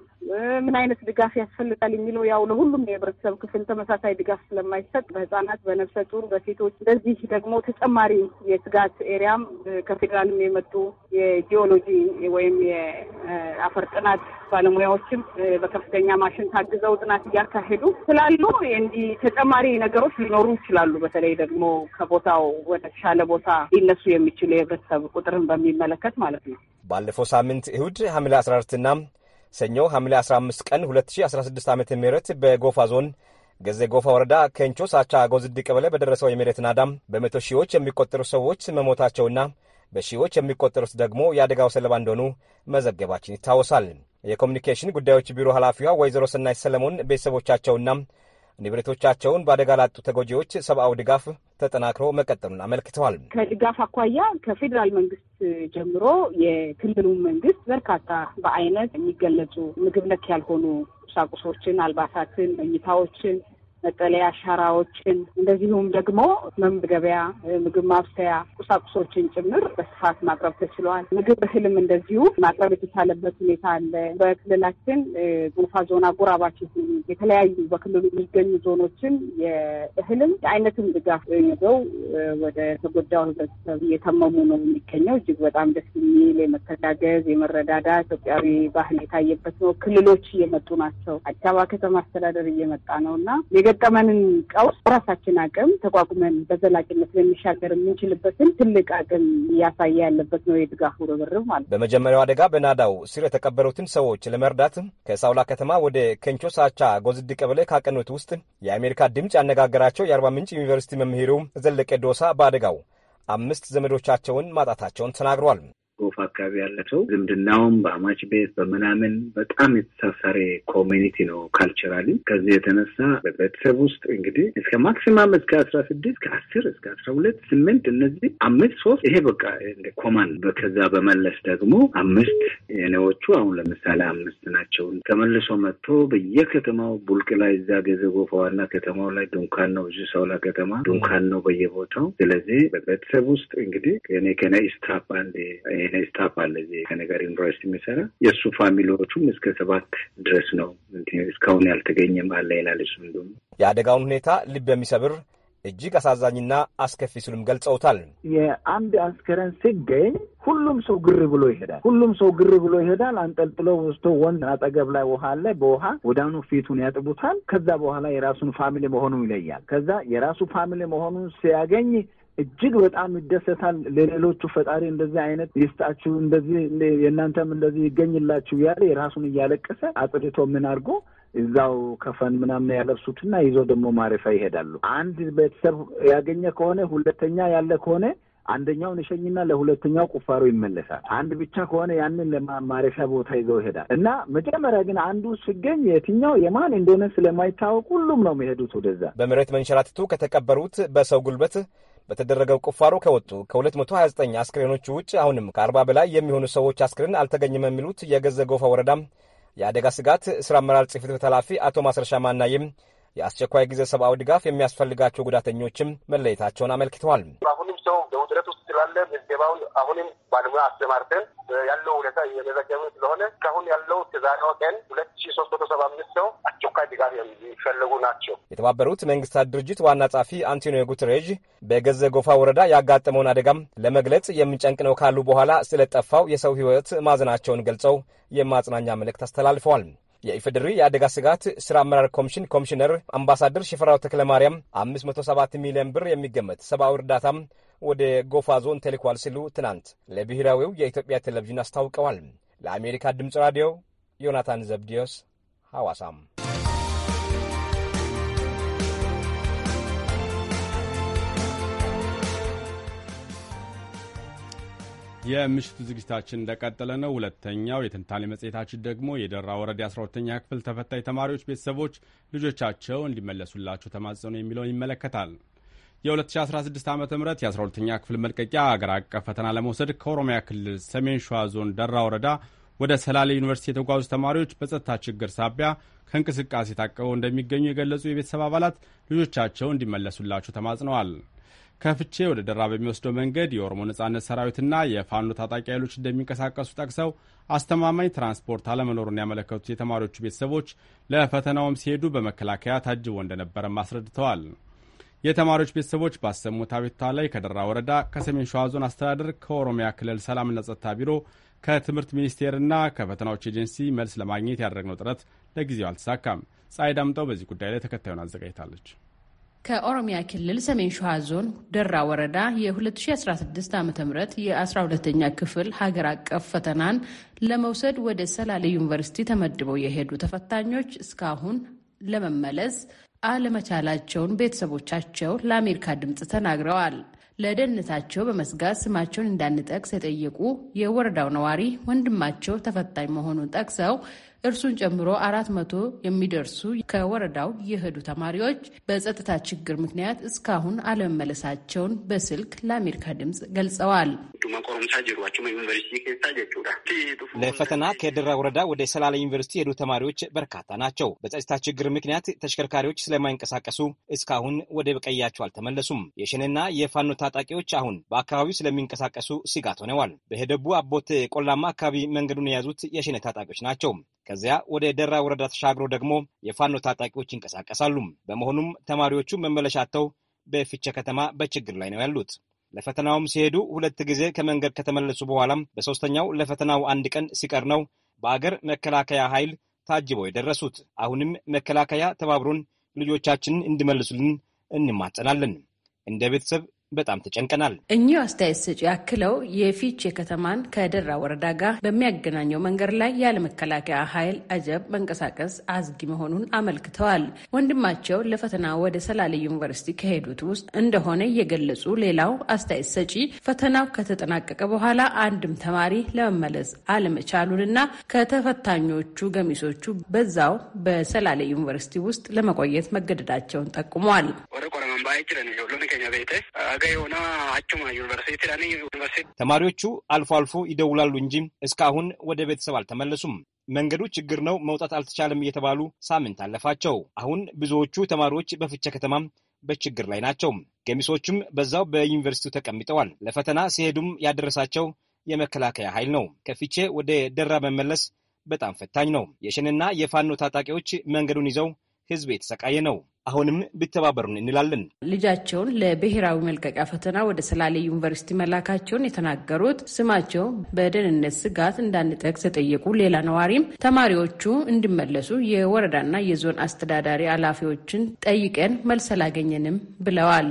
ምን አይነት ድጋፍ ያስፈልጋል የሚለው ያው ለሁሉም የህብረተሰብ ክፍል ተመሳሳይ ድጋፍ ስለማይሰጥ በህጻናት፣ በነፍሰ ጡር፣ በሴቶች እንደዚህ ደግሞ ተጨማሪ የስጋት ኤሪያም ከፌዴራልም የመጡ የጂኦሎጂ ወይም የአፈር ጥናት ባለሙያዎችም በከፍተኛ ማሽን ታግዘው ጥናት እያካሄዱ ስላሉ እንዲህ ተጨማሪ ነገሮች ሊኖሩ ይችላሉ። በተለይ ደግሞ ከቦታው ወደ ተሻለ ቦታ ሊነሱ የሚችሉ የህብረተሰብ ቁጥርን በሚመለከት ማለት ነው። ባለፈው ሳምንት እሁድ ሐምሌ አስራ አራትና ሰኞ ሐምሌ 15 ቀን 2016 ዓ ም በጎፋ ዞን ገዜ ጎፋ ወረዳ ከንቾ ሳቻ ጎዝድ ቀበሌ በደረሰው የመሬት ናዳም በመቶ ሺዎች የሚቆጠሩ ሰዎች መሞታቸውና በሺዎች የሚቆጠሩት ደግሞ የአደጋው ሰለባ እንደሆኑ መዘገባችን ይታወሳል። የኮሚኒኬሽን ጉዳዮች ቢሮ ኃላፊዋ ወይዘሮ ሰናይ ሰለሞን ቤተሰቦቻቸውና ንብረቶቻቸውን በአደጋ ላጡ ተጎጂዎች ሰብአዊ ድጋፍ ተጠናክሮ መቀጠሉን አመልክተዋል። ከድጋፍ አኳያ ከፌዴራል መንግስት ጀምሮ የክልሉ መንግስት በርካታ በአይነት የሚገለጹ ምግብ ነክ ያልሆኑ ቁሳቁሶችን፣ አልባሳትን፣ መኝታዎችን መጠለያ ሸራዎችን እንደዚሁም ደግሞ መመገቢያ፣ ምግብ ማብሰያ ቁሳቁሶችን ጭምር በስፋት ማቅረብ ተችሏል። ምግብ እህልም እንደዚሁ ማቅረብ የተቻለበት ሁኔታ አለ። በክልላችን ጉንፋ ዞን አጎራባች የተለያዩ በክልሉ የሚገኙ ዞኖችን የእህልም የአይነትም ድጋፍ ይዘው ወደ ተጎዳው ህብረተሰብ እየተመሙ ነው የሚገኘው። እጅግ በጣም ደስ የሚል የመተጋገዝ የመረዳዳ ኢትዮጵያዊ ባህል የታየበት ነው። ክልሎች እየመጡ ናቸው። አዲስ አበባ ከተማ አስተዳደር እየመጣ ነው እና የገጠመንን ቀውስ በራሳችን አቅም ተቋቁመን በዘላቂነት ልንሻገር የምንችልበትን ትልቅ አቅም እያሳየ ያለበት ነው የድጋፉ ርብርብ ማለት። በመጀመሪያው አደጋ በናዳው ስር የተቀበሉትን ሰዎች ለመርዳት ከሳውላ ከተማ ወደ ከንቾ ሳቻ ጎዝድ ቀበሌ ካቀኑት ውስጥ የአሜሪካ ድምፅ ያነጋገራቸው የአርባ ምንጭ ዩኒቨርሲቲ መምህሩ ዘለቀ ዶሳ በአደጋው አምስት ዘመዶቻቸውን ማጣታቸውን ተናግሯል። ጎፍ አካባቢ ያለ ሰው ዝምድናውም በአማች ቤት በምናምን በጣም የተሳሰረ ኮሚኒቲ ነው ካልቸራሊ። ከዚህ የተነሳ በቤተሰብ ውስጥ እንግዲህ እስከ ማክሲማም እስከ አስራ ስድስት ከአስር እስከ አስራ ሁለት ስምንት እነዚህ አምስት ሶስት ይሄ በቃ እንደ ኮማን። ከዛ በመለስ ደግሞ አምስት የኔዎቹ አሁን ለምሳሌ አምስት ናቸው። ተመልሶ መጥቶ በየከተማው ቡልቅ ላይ እዛ ገዘ ጎፋ ዋና ከተማው ላይ ድንኳን ነው እዚ ሰውላ ከተማ ድንኳን ነው በየቦታው። ስለዚህ በቤተሰብ ውስጥ እንግዲህ ከኔ ከነ ኢስታፕ አንድ ጤና ስታፍ አለ እዚህ ከነገር ዩኒቨርሲቲ የሚሰራ የእሱ ፋሚሊዎቹም እስከ ሰባት ድረስ ነው። እስካሁን ያልተገኘም አለ ይላል። እሱ እንደውም የአደጋውን ሁኔታ ልብ የሚሰብር እጅግ አሳዛኝና አስከፊ ሲሉም ገልጸውታል። የአንድ አስከረን ሲገኝ ሁሉም ሰው ግር ብሎ ይሄዳል። ሁሉም ሰው ግር ብሎ ይሄዳል። አንጠልጥሎ ወስቶ ወንዝ አጠገብ ላይ ውሃ አለ። በውሃ ወዳኑ ፊቱን ያጥቡታል። ከዛ በኋላ የራሱን ፋሚሊ መሆኑን ይለያል። ከዛ የራሱ ፋሚሊ መሆኑን ሲያገኝ እጅግ በጣም ይደሰታል። ለሌሎቹ ፈጣሪ እንደዚህ አይነት ይስጣችሁ፣ እንደዚህ የእናንተም እንደዚህ ይገኝላችሁ እያለ የራሱን እያለቀሰ አጥድቶ ምን አድርጎ እዛው ከፈን ምናምን ያለብሱትና ይዞ ደግሞ ማረፊያ ይሄዳሉ። አንድ ቤተሰብ ያገኘ ከሆነ ሁለተኛ ያለ ከሆነ አንደኛውን እሸኝና ለሁለተኛው ቁፋሮ ይመለሳል። አንድ ብቻ ከሆነ ያንን ለማረፊያ ቦታ ይዘው ይሄዳል እና መጀመሪያ ግን አንዱ ሲገኝ የትኛው የማን እንደሆነ ስለማይታወቅ ሁሉም ነው የሚሄዱት ወደዛ። በመሬት መንሸራትቱ ከተቀበሩት በሰው ጉልበት በተደረገው ቁፋሮ ከወጡ ከ229 አስክሬኖቹ ውጭ አሁንም ከ40 በላይ የሚሆኑ ሰዎች አስክሬን አልተገኘም የሚሉት የገዘ ጎፋ ወረዳም የአደጋ ስጋት ስራ አመራር ጽሕፈት ቤት ኃላፊ አቶ ማስረሻ ማናይም የአስቸኳይ ጊዜ ሰብአዊ ድጋፍ የሚያስፈልጋቸው ጉዳተኞችም መለየታቸውን አመልክተዋል። አሁንም ሰው በውጥረት ስላለ ምዝገባውን አሁንም ባለሙያ አስተማርተን ያለው ሁኔታ እየመዘገብን ስለሆነ እስካሁን ያለው ትዛሪው ቀን ሁለት ሺ ሶስት መቶ ሰባ አምስት ሰው አስቸኳይ ድጋፍ የሚፈልጉ ናቸው። የተባበሩት መንግስታት ድርጅት ዋና ጸሐፊ አንቶኒዮ ጉተሬዥ በገዘ ጎፋ ወረዳ ያጋጠመውን አደጋም ለመግለጽ የምንጨንቅ ነው ካሉ በኋላ ስለጠፋው የሰው ህይወት ማዘናቸውን ገልጸው የማጽናኛ መልእክት አስተላልፈዋል። የኢፌዴሪ የአደጋ ስጋት ስራ አመራር ኮሚሽን ኮሚሽነር አምባሳደር ሽፈራው ተክለ ማርያም ሚሊዮን ብር የሚገመት ሰብአዊ እርዳታም ወደ ጎፋ ዞን ተልኳል ሲሉ ትናንት ለብሔራዊው የኢትዮጵያ ቴሌቪዥን አስታውቀዋል። ለአሜሪካ ድምፅ ራዲዮ ዮናታን ዘብዲዮስ ሐዋሳም የምሽቱ ዝግጅታችን እንደቀጠለ ነው። ሁለተኛው የትንታኔ መጽሔታችን ደግሞ የደራ ወረዳ የአስራ ሁለተኛ ክፍል ተፈታኝ ተማሪዎች ቤተሰቦች ልጆቻቸው እንዲመለሱላቸው ተማጸኑ የሚለውን ይመለከታል። የ2016 ዓ ም የ12ኛ ክፍል መልቀቂያ አገር አቀፍ ፈተና ለመውሰድ ከኦሮሚያ ክልል ሰሜን ሸዋ ዞን ደራ ወረዳ ወደ ሰላሌ ዩኒቨርሲቲ የተጓዙ ተማሪዎች በጸጥታ ችግር ሳቢያ ከእንቅስቃሴ ታቀበው እንደሚገኙ የገለጹ የቤተሰብ አባላት ልጆቻቸው እንዲመለሱላቸው ተማጽነዋል። ከፍቼ ወደ ደራ በሚወስደው መንገድ የኦሮሞ ነጻነት ሰራዊትና የፋኖ ታጣቂ ኃይሎች እንደሚንቀሳቀሱ ጠቅሰው አስተማማኝ ትራንስፖርት አለመኖሩን ያመለከቱት የተማሪዎቹ ቤተሰቦች ለፈተናውም ሲሄዱ በመከላከያ ታጅቦ እንደነበረም አስረድተዋል። የተማሪዎች ቤተሰቦች ባሰሙት አቤቱታ ላይ ከደራ ወረዳ፣ ከሰሜን ሸዋ ዞን አስተዳደር፣ ከኦሮሚያ ክልል ሰላምና ጸጥታ ቢሮ፣ ከትምህርት ሚኒስቴርና ከፈተናዎች ኤጀንሲ መልስ ለማግኘት ያደረግነው ጥረት ለጊዜው አልተሳካም። ፀሐይ ዳምጠው በዚህ ጉዳይ ላይ ተከታዩን አዘጋጅታለች። ከኦሮሚያ ክልል ሰሜን ሸዋ ዞን ደራ ወረዳ የ2016 ዓ ም የ12ኛ ክፍል ሀገር አቀፍ ፈተናን ለመውሰድ ወደ ሰላሌ ዩኒቨርሲቲ ተመድበው የሄዱ ተፈታኞች እስካሁን ለመመለስ አለመቻላቸውን ቤተሰቦቻቸው ለአሜሪካ ድምፅ ተናግረዋል። ለደህንነታቸው በመስጋት ስማቸውን እንዳንጠቅስ የጠየቁ የወረዳው ነዋሪ ወንድማቸው ተፈታኝ መሆኑን ጠቅሰው እርሱን ጨምሮ አራት መቶ የሚደርሱ ከወረዳው የሄዱ ተማሪዎች በጸጥታ ችግር ምክንያት እስካሁን አለመመለሳቸውን በስልክ ለአሜሪካ ድምፅ ገልጸዋል። ለፈተና ከደራ ወረዳ ወደ ሰላሌ ዩኒቨርሲቲ የሄዱ ተማሪዎች በርካታ ናቸው። በጸጥታ ችግር ምክንያት ተሽከርካሪዎች ስለማይንቀሳቀሱ እስካሁን ወደ በቀያቸው አልተመለሱም። የሸኔና የፋኖ ታጣቂዎች አሁን በአካባቢው ስለሚንቀሳቀሱ ስጋት ሆነዋል። በሄደቡ አቦቴ ቆላማ አካባቢ መንገዱን የያዙት የሸኔ ታጣቂዎች ናቸው። ከዚያ ወደ ደራ ወረዳ ተሻግሮ ደግሞ የፋኖ ታጣቂዎች ይንቀሳቀሳሉ። በመሆኑም ተማሪዎቹ መመለሻተው በፍቼ ከተማ በችግር ላይ ነው ያሉት። ለፈተናውም ሲሄዱ ሁለት ጊዜ ከመንገድ ከተመለሱ በኋላም በሶስተኛው ለፈተናው አንድ ቀን ሲቀር ነው በአገር መከላከያ ኃይል ታጅበው የደረሱት። አሁንም መከላከያ ተባብሮን ልጆቻችንን እንዲመልሱልን እንማጸናለን። እንደ ቤተሰብ በጣም ተጨንቀናል። እኚሁ አስተያየት ሰጪ ያክለው የፊቼ ከተማን ከደራ ወረዳ ጋር በሚያገናኘው መንገድ ላይ ያለመከላከያ ኃይል አጀብ መንቀሳቀስ አዝጊ መሆኑን አመልክተዋል። ወንድማቸው ለፈተና ወደ ሰላሌ ዩኒቨርሲቲ ከሄዱት ውስጥ እንደሆነ እየገለጹ ሌላው አስተያየት ሰጪ ፈተናው ከተጠናቀቀ በኋላ አንድም ተማሪ ለመመለስ አለመቻሉንና ከተፈታኞቹ ገሚሶቹ በዛው በሰላሌ ዩኒቨርሲቲ ውስጥ ለመቆየት መገደዳቸውን ጠቁሟል። ተማሪዎቹ አልፎ አልፎ ይደውላሉ እንጂ እስካሁን ወደ ቤተሰብ አልተመለሱም። መንገዱ ችግር ነው፣ መውጣት አልተቻለም እየተባሉ ሳምንት አለፋቸው። አሁን ብዙዎቹ ተማሪዎች በፍቼ ከተማም በችግር ላይ ናቸው። ገሚሶቹም በዛው በዩኒቨርሲቲው ተቀምጠዋል። ለፈተና ሲሄዱም ያደረሳቸው የመከላከያ ኃይል ነው። ከፍቼ ወደ ደራ መመለስ በጣም ፈታኝ ነው። የሸንና የፋኖ ታጣቂዎች መንገዱን ይዘው ህዝብ የተሰቃየ ነው። አሁንም ቢተባበሩን እንላለን። ልጃቸውን ለብሔራዊ መልቀቂያ ፈተና ወደ ሰላሌ ዩኒቨርሲቲ መላካቸውን የተናገሩት ስማቸው በደህንነት ስጋት እንዳንጠቅስ የጠየቁ ሌላ ነዋሪም ተማሪዎቹ እንዲመለሱ የወረዳና የዞን አስተዳዳሪ ኃላፊዎችን ጠይቀን መልስ አላገኘንም ብለዋል።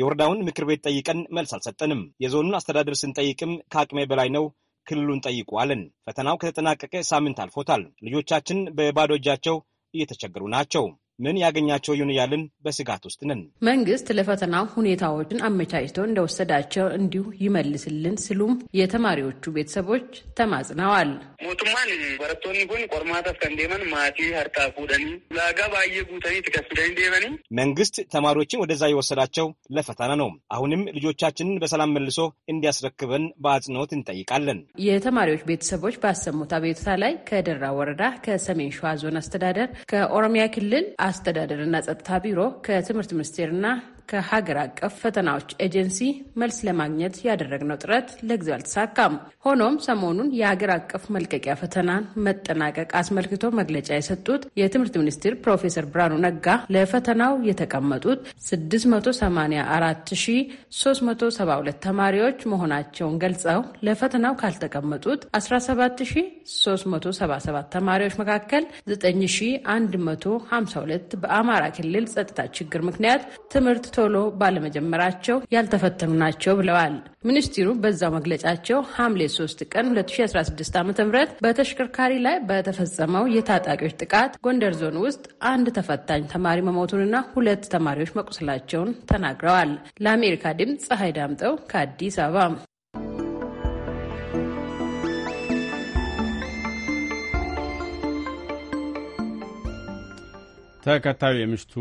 የወረዳውን ምክር ቤት ጠይቀን መልስ አልሰጠንም። የዞኑን አስተዳደር ስንጠይቅም ከአቅሜ በላይ ነው ክልሉን ጠይቋልን። ፈተናው ከተጠናቀቀ ሳምንት አልፎታል። ልጆቻችን በባዶ እጃቸው እየተቸገሩ ናቸው። ምን ያገኛቸው ይሁን እያልን በስጋት ውስጥ ነን። መንግስት ለፈተና ሁኔታዎችን አመቻችቶ እንደወሰዳቸው እንዲሁ ይመልስልን ሲሉም የተማሪዎቹ ቤተሰቦች ተማጽነዋል። ሞቱማን በረቶኒ ኩን ቆርማታስ ከንዴመን ማቲ ሀርታ ፉደኒ ላጋ ባየ ጉተኒ ትከፍደኒ ዴመኒ መንግስት ተማሪዎችን ወደዛ የወሰዳቸው ለፈተና ነው። አሁንም ልጆቻችንን በሰላም መልሶ እንዲያስረክበን በአጽንኦት እንጠይቃለን። የተማሪዎች ቤተሰቦች ባሰሙት አቤቱታ ላይ ከደራ ወረዳ፣ ከሰሜን ሸዋ ዞን አስተዳደር፣ ከኦሮሚያ ክልል አስተዳደርና ጸጥታ ቢሮ ከትምህርት ሚኒስቴርና ከሀገር አቀፍ ፈተናዎች ኤጀንሲ መልስ ለማግኘት ያደረግነው ጥረት ለጊዜው አልተሳካም። ሆኖም ሰሞኑን የሀገር አቀፍ መልቀቂያ ፈተናን መጠናቀቅ አስመልክቶ መግለጫ የሰጡት የትምህርት ሚኒስትር ፕሮፌሰር ብርሃኑ ነጋ ለፈተናው የተቀመጡት 684372 ተማሪዎች መሆናቸውን ገልጸው ለፈተናው ካልተቀመጡት 17377 ተማሪዎች መካከል 9152 በአማራ ክልል ጸጥታ ችግር ምክንያት ትምህርት ቶሎ ባለመጀመራቸው ያልተፈተኑ ናቸው ብለዋል። ሚኒስትሩ በዛው መግለጫቸው ሐምሌ 3 ቀን 2016 ዓ ም በተሽከርካሪ ላይ በተፈጸመው የታጣቂዎች ጥቃት ጎንደር ዞን ውስጥ አንድ ተፈታኝ ተማሪ መሞቱንና ሁለት ተማሪዎች መቁሰላቸውን ተናግረዋል። ለአሜሪካ ድምፅ ፀሐይ ዳምጠው ከአዲስ አበባ። ተከታዩ የምሽቱ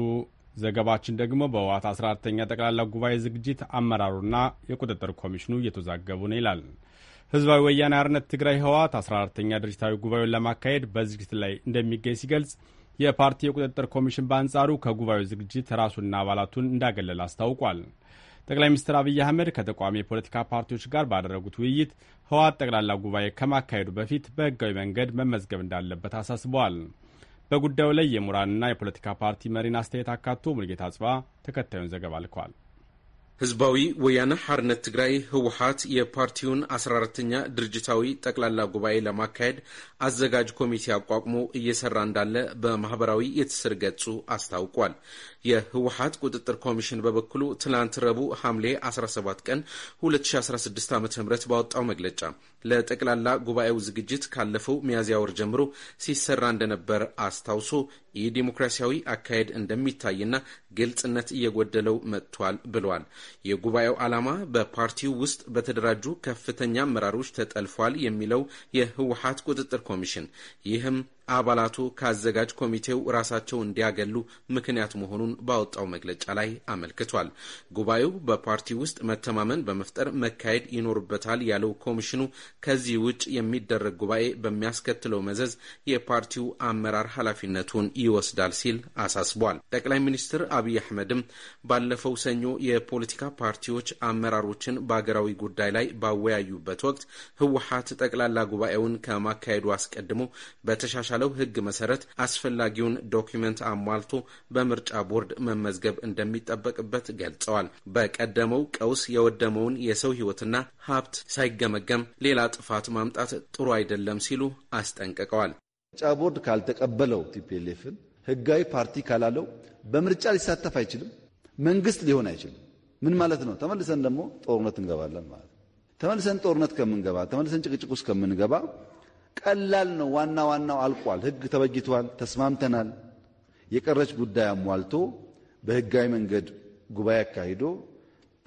ዘገባችን ደግሞ በህወሓት 14ተኛ ጠቅላላ ጉባኤ ዝግጅት አመራሩና የቁጥጥር ኮሚሽኑ እየተዛገቡ ነው ይላል። ህዝባዊ ወያኔ አርነት ትግራይ ህወሓት 14ተኛ ድርጅታዊ ጉባኤውን ለማካሄድ በዝግጅት ላይ እንደሚገኝ ሲገልጽ፣ የፓርቲ የቁጥጥር ኮሚሽን በአንጻሩ ከጉባኤው ዝግጅት ራሱና አባላቱን እንዳገለል አስታውቋል። ጠቅላይ ሚኒስትር አብይ አህመድ ከተቃዋሚ የፖለቲካ ፓርቲዎች ጋር ባደረጉት ውይይት ህወሓት ጠቅላላ ጉባኤ ከማካሄዱ በፊት በህጋዊ መንገድ መመዝገብ እንዳለበት አሳስበዋል። በጉዳዩ ላይ የምሁራንና የፖለቲካ ፓርቲ መሪን አስተያየት አካቶ ሙልጌታ ጽባ ተከታዩን ዘገባ ልኳል። ህዝባዊ ወያነ ሐርነት ትግራይ ህወሓት የፓርቲውን 14ተኛ ድርጅታዊ ጠቅላላ ጉባኤ ለማካሄድ አዘጋጅ ኮሚቴ አቋቁሞ እየሰራ እንዳለ በማህበራዊ የትስር ገጹ አስታውቋል። የህወሓት ቁጥጥር ኮሚሽን በበኩሉ ትናንት ረቡዕ ሐምሌ 17 ቀን 2016 ዓ ም ባወጣው መግለጫ ለጠቅላላ ጉባኤው ዝግጅት ካለፈው ሚያዝያ ወር ጀምሮ ሲሰራ እንደነበር አስታውሶ ይህ ዲሞክራሲያዊ አካሄድ እንደሚታይና ግልጽነት እየጎደለው መጥቷል ብለዋል። የጉባኤው ዓላማ በፓርቲው ውስጥ በተደራጁ ከፍተኛ አመራሮች ተጠልፏል የሚለው የህወሀት ቁጥጥር ኮሚሽን ይህም አባላቱ ከአዘጋጅ ኮሚቴው ራሳቸው እንዲያገሉ ምክንያት መሆኑን ባወጣው መግለጫ ላይ አመልክቷል። ጉባኤው በፓርቲ ውስጥ መተማመን በመፍጠር መካሄድ ይኖርበታል ያለው ኮሚሽኑ ከዚህ ውጭ የሚደረግ ጉባኤ በሚያስከትለው መዘዝ የፓርቲው አመራር ኃላፊነቱን ይወስዳል ሲል አሳስቧል። ጠቅላይ ሚኒስትር አብይ አህመድም ባለፈው ሰኞ የፖለቲካ ፓርቲዎች አመራሮችን በአገራዊ ጉዳይ ላይ ባወያዩበት ወቅት ህወሀት ጠቅላላ ጉባኤውን ከማካሄዱ አስቀድሞ በተሻሻ በተሻለው ሕግ መሰረት አስፈላጊውን ዶኪመንት አሟልቶ በምርጫ ቦርድ መመዝገብ እንደሚጠበቅበት ገልጸዋል። በቀደመው ቀውስ የወደመውን የሰው ሕይወትና ሀብት ሳይገመገም ሌላ ጥፋት ማምጣት ጥሩ አይደለም ሲሉ አስጠንቅቀዋል። ምርጫ ቦርድ ካልተቀበለው ቲፒኤልኤፍን ህጋዊ ፓርቲ ካላለው በምርጫ ሊሳተፍ አይችልም፣ መንግስት ሊሆን አይችልም። ምን ማለት ነው? ተመልሰን ደግሞ ጦርነት እንገባለን ማለት ነው። ተመልሰን ጦርነት ከምንገባ ተመልሰን ጭቅጭቅ ውስጥ ከምንገባ ቀላል ነው። ዋና ዋናው አልቋል። ህግ ተበጅቷል። ተስማምተናል። የቀረች ጉዳይ አሟልቶ በህጋዊ መንገድ ጉባኤ አካሂዶ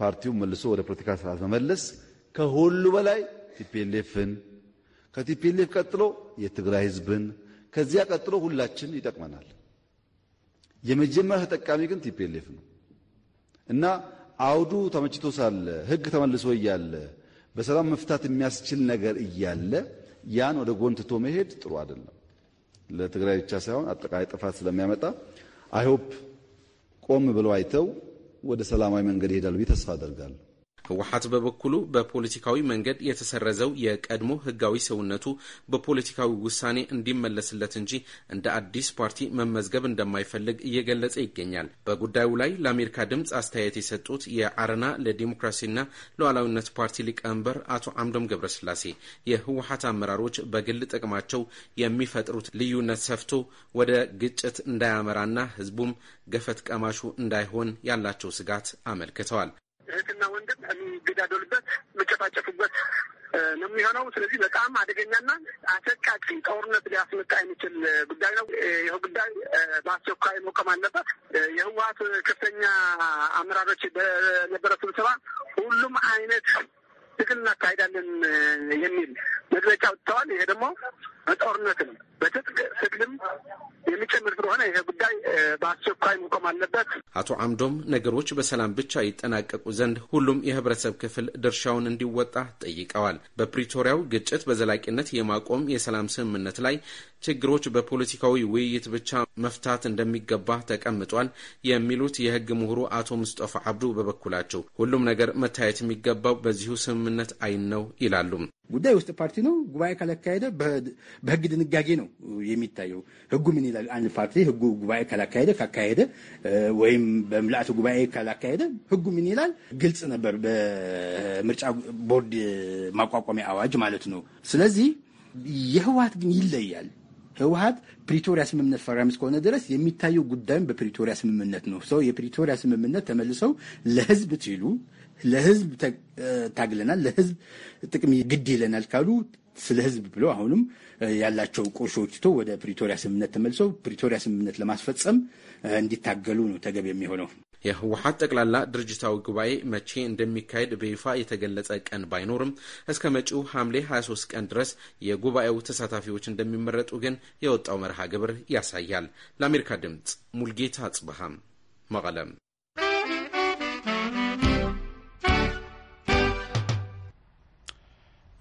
ፓርቲው መልሶ ወደ ፖለቲካ ስርዓት መመለስ ከሁሉ በላይ ቲፒኤልኤፍን ከቲፒኤልኤፍ ቀጥሎ የትግራይ ህዝብን ከዚያ ቀጥሎ ሁላችን ይጠቅመናል። የመጀመሪያ ተጠቃሚ ግን ቲፒኤልኤፍ ነው እና አውዱ ተመችቶ ሳለ ህግ ተመልሶ እያለ በሰላም መፍታት የሚያስችል ነገር እያለ ያን ወደ ጎን ትቶ መሄድ ጥሩ አይደለም። ለትግራይ ብቻ ሳይሆን አጠቃላይ ጥፋት ስለሚያመጣ አይሆፕ ቆም ብለው አይተው ወደ ሰላማዊ መንገድ ይሄዳሉ ብዬ ተስፋ አደርጋለሁ። ህወሀት በበኩሉ በፖለቲካዊ መንገድ የተሰረዘው የቀድሞ ህጋዊ ሰውነቱ በፖለቲካዊ ውሳኔ እንዲመለስለት እንጂ እንደ አዲስ ፓርቲ መመዝገብ እንደማይፈልግ እየገለጸ ይገኛል። በጉዳዩ ላይ ለአሜሪካ ድምፅ አስተያየት የሰጡት የአረና ለዲሞክራሲና ለሉዓላዊነት ፓርቲ ሊቀመንበር አቶ አምዶም ገብረስላሴ የህወሀት አመራሮች በግል ጥቅማቸው የሚፈጥሩት ልዩነት ሰፍቶ ወደ ግጭት እንዳያመራና ህዝቡም ገፈት ቀማሹ እንዳይሆን ያላቸው ስጋት አመልክተዋል። እህትና ወንድም የሚገዳደሉበት የሚጨፋጨፉበት ነው የሚሆነው። ስለዚህ በጣም አደገኛና አሰቃቂ ጦርነት ሊያስመጣ የሚችል ጉዳይ ነው። ይህ ጉዳይ በአስቸኳይ መቆም አለበት። የህወሀት ከፍተኛ አመራሮች በነበረ ስብሰባ ሁሉም አይነት ትግል እናካሄዳለን የሚል መግለጫ ወጥተዋል። ይሄ ደግሞ በጦርነትም በትጥቅ ትግልም የሚጨምር ስለሆነ ይሄ ጉዳይ በአስቸኳይ መቆም አለበት። አቶ አምዶም ነገሮች በሰላም ብቻ ይጠናቀቁ ዘንድ ሁሉም የህብረተሰብ ክፍል ድርሻውን እንዲወጣ ጠይቀዋል። በፕሪቶሪያው ግጭት በዘላቂነት የማቆም የሰላም ስምምነት ላይ ችግሮች በፖለቲካዊ ውይይት ብቻ መፍታት እንደሚገባ ተቀምጧል የሚሉት የህግ ምሁሩ አቶ ምስጦፋ አብዱ በበኩላቸው ሁሉም ነገር መታየት የሚገባው በዚሁ ስምምነት ስምምነት አይን ነው ይላሉ። ጉዳይ ውስጥ ፓርቲ ነው። ጉባኤ ካላካሄደ በህግ ድንጋጌ ነው የሚታየው። ህጉ ምን ይላል? አንድ ፓርቲ ህጉ ጉባኤ ካላካሄደ ካካሄደ ወይም በምልአተ ጉባኤ ካላካሄደ ህጉ ምን ይላል? ግልጽ ነበር፣ በምርጫ ቦርድ ማቋቋሚያ አዋጅ ማለት ነው። ስለዚህ የህወሀት ግን ይለያል። ህወሀት ፕሪቶሪያ ስምምነት ፈራሚ እስከሆነ ድረስ የሚታየው ጉዳዩን በፕሪቶሪያ ስምምነት ነው። ሰው የፕሪቶሪያ ስምምነት ተመልሰው ለህዝብ ሲሉ ለህዝብ ታግለናል፣ ለህዝብ ጥቅም ግድ ይለናል ካሉ ስለ ህዝብ ብለው አሁንም ያላቸው ቁርሾች ትቶ ወደ ፕሪቶሪያ ስምምነት ተመልሰው ፕሪቶሪያ ስምምነት ለማስፈጸም እንዲታገሉ ነው ተገቢ የሚሆነው። የህወሀት ጠቅላላ ድርጅታዊ ጉባኤ መቼ እንደሚካሄድ በይፋ የተገለጸ ቀን ባይኖርም እስከ መጪው ሐምሌ 23 ቀን ድረስ የጉባኤው ተሳታፊዎች እንደሚመረጡ ግን የወጣው መርሃ ግብር ያሳያል። ለአሜሪካ ድምፅ ሙልጌታ አጽበሃም መቀለም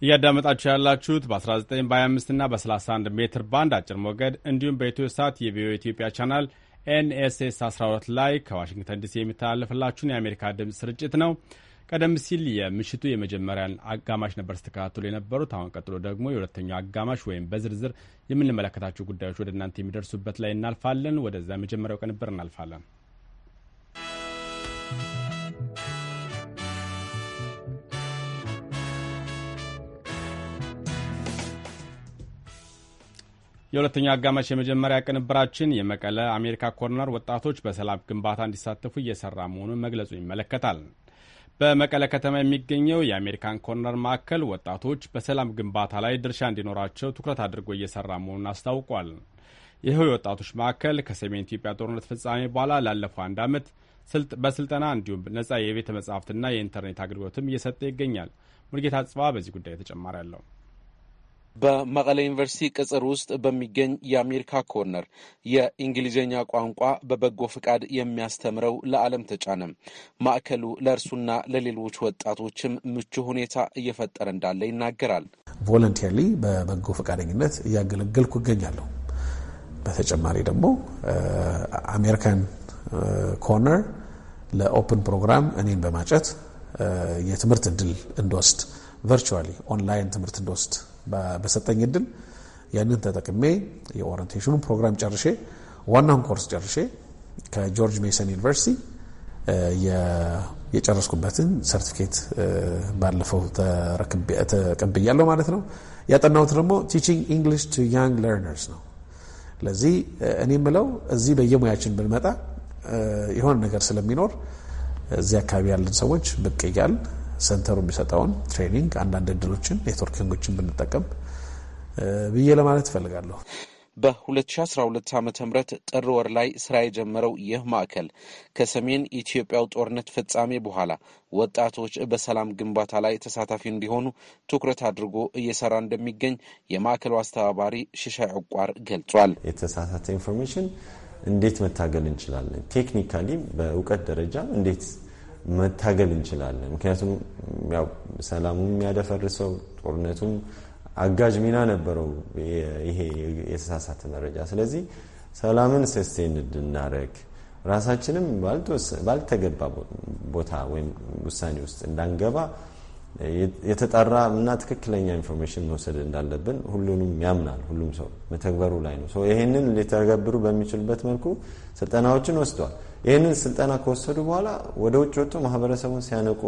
እያዳመጣችሁ ያላችሁት በ19 በ25 እና በ31 ሜትር ባንድ አጭር ሞገድ እንዲሁም በኢትዮ ሳት የቪኦ ኢትዮጵያ ቻናል ኤንኤስኤስ 12 ላይ ከዋሽንግተን ዲሲ የሚተላለፍላችሁን የአሜሪካ ድምፅ ስርጭት ነው። ቀደም ሲል የምሽቱ የመጀመሪያን አጋማሽ ነበር ስተከታተሉ የነበሩት። አሁን ቀጥሎ ደግሞ የሁለተኛው አጋማሽ ወይም በዝርዝር የምንመለከታቸው ጉዳዮች ወደ እናንተ የሚደርሱበት ላይ እናልፋለን። ወደዛ የመጀመሪያው ቅንብር እናልፋለን። የሁለተኛው አጋማሽ የመጀመሪያ ቅንብራችን የመቀለ አሜሪካ ኮርነር ወጣቶች በሰላም ግንባታ እንዲሳተፉ እየሰራ መሆኑን መግለጹ ይመለከታል። በመቀለ ከተማ የሚገኘው የአሜሪካን ኮርነር ማዕከል ወጣቶች በሰላም ግንባታ ላይ ድርሻ እንዲኖራቸው ትኩረት አድርጎ እየሰራ መሆኑን አስታውቋል። ይኸው የወጣቶች ማዕከል ከሰሜን ኢትዮጵያ ጦርነት ፍጻሜ በኋላ ላለፈው አንድ ዓመት በስልጠና እንዲሁም ነጻ የቤተ መጻሕፍትና የኢንተርኔት አገልግሎትም እየሰጠ ይገኛል። ሙልጌታ ጽባ በዚህ ጉዳይ ተጨማሪ አለው። በመቀለ ዩኒቨርሲቲ ቅጽር ውስጥ በሚገኝ የአሜሪካ ኮርነር የእንግሊዝኛ ቋንቋ በበጎ ፍቃድ የሚያስተምረው ለዓለም ተጫነ ማዕከሉ ለእርሱና ለሌሎች ወጣቶችም ምቹ ሁኔታ እየፈጠረ እንዳለ ይናገራል። ቮለንቲርሊ በበጎ ፈቃደኝነት እያገለገልኩ እገኛለሁ። በተጨማሪ ደግሞ አሜሪካን ኮርነር ለኦፕን ፕሮግራም እኔን በማጨት የትምህርት እድል እንድወስድ ቨርቹዋሊ ኦንላይን ትምህርት እንድወስድ በሰጠኝ እድል ያንን ተጠቅሜ የኦሪንቴሽኑ ፕሮግራም ጨርሼ ዋናውን ኮርስ ጨርሼ ከጆርጅ ሜሰን ዩኒቨርሲቲ የጨረስኩበትን ሰርቲፊኬት ባለፈው ተቀብያለሁ ማለት ነው። ያጠናሁት ደግሞ ቲቺንግ ኢንግሊሽ ቱ ያንግ ለርነርስ ነው። ለዚህ እኔ የምለው እዚህ በየሙያችን ብንመጣ የሆነ ነገር ስለሚኖር እዚህ አካባቢ ያለን ሰዎች ብቅ እያል ሴንተሩ የሚሰጠውን ትሬኒንግ፣ አንዳንድ እድሎችን፣ ኔትወርኪንጎችን ብንጠቀም ብዬ ለማለት እፈልጋለሁ። በ2012 ዓ ም ጥር ወር ላይ ስራ የጀመረው ይህ ማዕከል ከሰሜን ኢትዮጵያው ጦርነት ፍጻሜ በኋላ ወጣቶች በሰላም ግንባታ ላይ ተሳታፊ እንዲሆኑ ትኩረት አድርጎ እየሰራ እንደሚገኝ የማዕከሉ አስተባባሪ ሽሻይ ዕቋር ገልጿል። የተሳሳተ ኢንፎርሜሽን እንዴት መታገል እንችላለን፣ ቴክኒካሊ በእውቀት ደረጃ እንዴት መታገል እንችላለን። ምክንያቱም ሰላሙም የሚያደፈርሰው ጦርነቱም አጋዥ ሚና ነበረው ይሄ የተሳሳተ መረጃ። ስለዚህ ሰላምን ሰስቴን እንድናረግ ራሳችንም ባልተገባ ቦታ ወይም ውሳኔ ውስጥ እንዳንገባ የተጣራ እና ትክክለኛ ኢንፎርሜሽን መውሰድ እንዳለብን ሁሉንም ያምናል። ሁሉም ሰው መተግበሩ ላይ ነው። ይህንን ሊተገብሩ በሚችሉበት መልኩ ስልጠናዎችን ወስደዋል። ይህንን ስልጠና ከወሰዱ በኋላ ወደ ውጭ ወጥቶ ማህበረሰቡን ሲያነቁ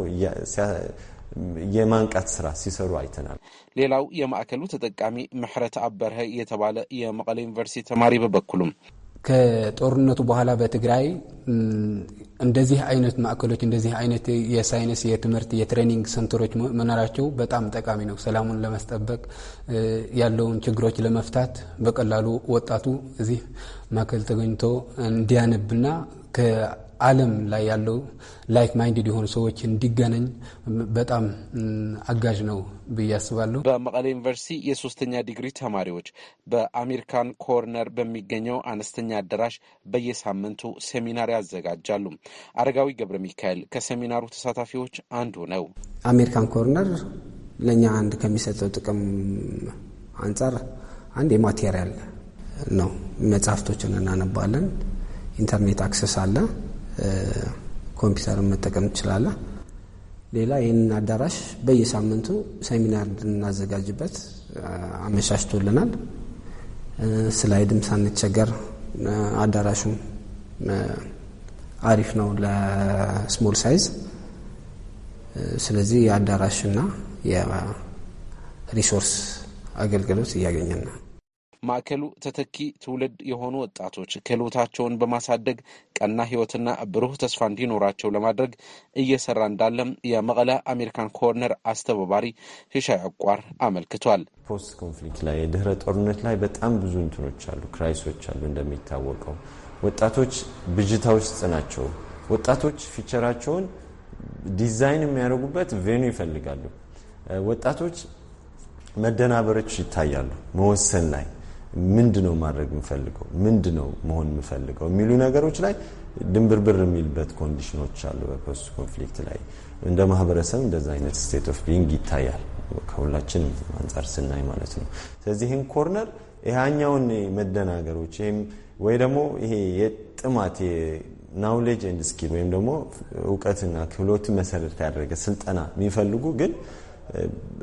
የማንቃት ስራ ሲሰሩ አይተናል። ሌላው የማዕከሉ ተጠቃሚ ምሕረት አበርሀ የተባለ የመቀለ ዩኒቨርሲቲ ተማሪ በበኩሉም ከጦርነቱ በኋላ በትግራይ እንደዚህ አይነት ማዕከሎች እንደዚህ አይነት የሳይንስ የትምህርት የትሬኒንግ ሰንተሮች መኖራቸው በጣም ጠቃሚ ነው። ሰላሙን ለማስጠበቅ ያለውን ችግሮች ለመፍታት በቀላሉ ወጣቱ እዚህ ማዕከል ተገኝቶ እንዲያነብና ከዓለም ላይ ያለው ላይክ ማይንድድ የሆኑ ሰዎች እንዲገናኝ በጣም አጋዥ ነው ብዬ አስባለሁ። በመቀሌ ዩኒቨርሲቲ የሶስተኛ ዲግሪ ተማሪዎች በአሜሪካን ኮርነር በሚገኘው አነስተኛ አዳራሽ በየሳምንቱ ሴሚናር ያዘጋጃሉ። አረጋዊ ገብረ ሚካኤል ከሴሚናሩ ተሳታፊዎች አንዱ ነው። አሜሪካን ኮርነር ለእኛ አንድ ከሚሰጠው ጥቅም አንጻር አንድ የማቴሪያል ነው። መጽሐፍቶችን እናነባለን ኢንተርኔት አክሰስ አለ፣ ኮምፒውተርን መጠቀም ትችላለ። ሌላ ይህንን አዳራሽ በየሳምንቱ ሴሚናር እንድናዘጋጅበት አመቻችቶልናል። ስላይድም ሳንቸገር አዳራሹም አሪፍ ነው ለስሞል ሳይዝ። ስለዚህ የአዳራሽና የሪሶርስ አገልግሎት እያገኘን ነው። ማዕከሉ ተተኪ ትውልድ የሆኑ ወጣቶች ክህሎታቸውን በማሳደግ ቀና ህይወትና ብሩህ ተስፋ እንዲኖራቸው ለማድረግ እየሰራ እንዳለም የመቀለ አሜሪካን ኮርነር አስተባባሪ ሽሻይ አቋር አመልክቷል። ፖስት ኮንፍሊክት ላይ የድህረ ጦርነት ላይ በጣም ብዙ እንትኖች አሉ፣ ክራይሶች አሉ። እንደሚታወቀው ወጣቶች ብጅታ ውስጥ ናቸው። ወጣቶች ፊቸራቸውን ዲዛይን የሚያደርጉበት ቬኑ ይፈልጋሉ። ወጣቶች መደናበሮች ይታያሉ መወሰን ላይ ምንድነው ማድረግ የምፈልገው ምንድነው መሆን የምፈልገው የሚሉ ነገሮች ላይ ድንብርብር የሚልበት ኮንዲሽኖች አሉ። በፖስት ኮንፍሊክት ላይ እንደ ማህበረሰብ እንደዛ አይነት ስቴት ኦፍ ቢንግ ይታያል፣ ከሁላችንም አንጻር ስናይ ማለት ነው። ስለዚህ ኮርነር ይህኛውን መደናገሮች ይህም ወይ ደግሞ ይሄ የጥማት ናውሌጅ ኤንድ ስኪል ወይም ደግሞ እውቀትና ክህሎት መሰረት ያደረገ ስልጠና የሚፈልጉ ግን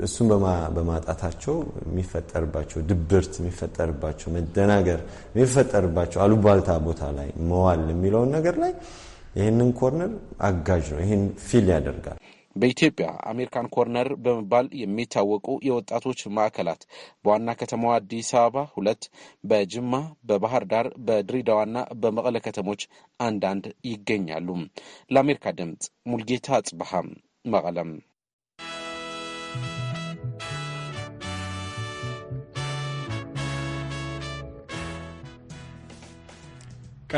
እሱን በማጣታቸው የሚፈጠርባቸው ድብርት የሚፈጠርባቸው መደናገር የሚፈጠርባቸው አሉባልታ ቦታ ላይ መዋል የሚለውን ነገር ላይ ይህንን ኮርነር አጋዥ ነው። ይህን ፊል ያደርጋል። በኢትዮጵያ አሜሪካን ኮርነር በመባል የሚታወቁ የወጣቶች ማዕከላት በዋና ከተማዋ አዲስ አበባ ሁለት፣ በጅማ፣ በባህር ዳር፣ በድሪዳዋና በመቀለ ከተሞች አንዳንድ ይገኛሉ። ለአሜሪካ ድምፅ ሙልጌታ አጽበሃም መቀለም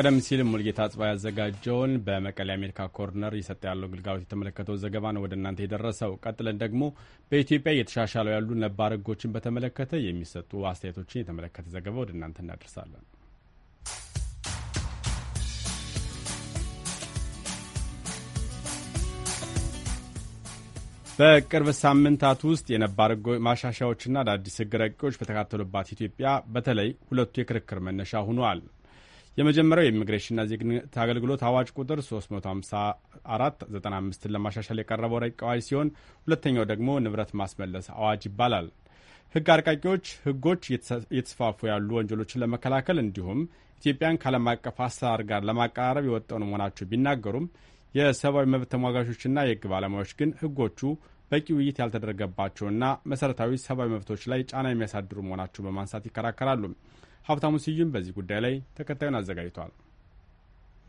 ቀደም ሲል ሙልጌታ አጽባ ያዘጋጀውን በመቀሌ አሜሪካ ኮርነር እየሰጠ ያለው ግልጋሎት የተመለከተው ዘገባ ነው ወደ እናንተ የደረሰው። ቀጥለን ደግሞ በኢትዮጵያ እየተሻሻለው ያሉ ነባር ሕጎችን በተመለከተ የሚሰጡ አስተያየቶችን የተመለከተ ዘገባ ወደ እናንተ እናደርሳለን። በቅርብ ሳምንታት ውስጥ የነባር ማሻሻያዎችና አዳዲስ ሕግ ረቂቆች በተካተሉባት ኢትዮጵያ በተለይ ሁለቱ የክርክር መነሻ ሆኗል። የመጀመሪያው የኢሚግሬሽንና ዜግነት አገልግሎት አዋጅ ቁጥር 354 ን ለማሻሻል የቀረበው ረቂቅ አዋጅ ሲሆን ሁለተኛው ደግሞ ንብረት ማስመለስ አዋጅ ይባላል። ህግ አርቃቂዎች ህጎች እየተስፋፉ ያሉ ወንጀሎችን ለመከላከል እንዲሁም ኢትዮጵያን ከዓለም አቀፍ አሰራር ጋር ለማቀራረብ የወጠኑ መሆናቸው ቢናገሩም የሰብአዊ መብት ተሟጋቾችና የህግ ባለሙያዎች ግን ህጎቹ በቂ ውይይት ያልተደረገባቸውና መሠረታዊ ሰብአዊ መብቶች ላይ ጫና የሚያሳድሩ መሆናቸው በማንሳት ይከራከራሉ። ሀብታሙ ስዩም በዚህ ጉዳይ ላይ ተከታዩን አዘጋጅቷል።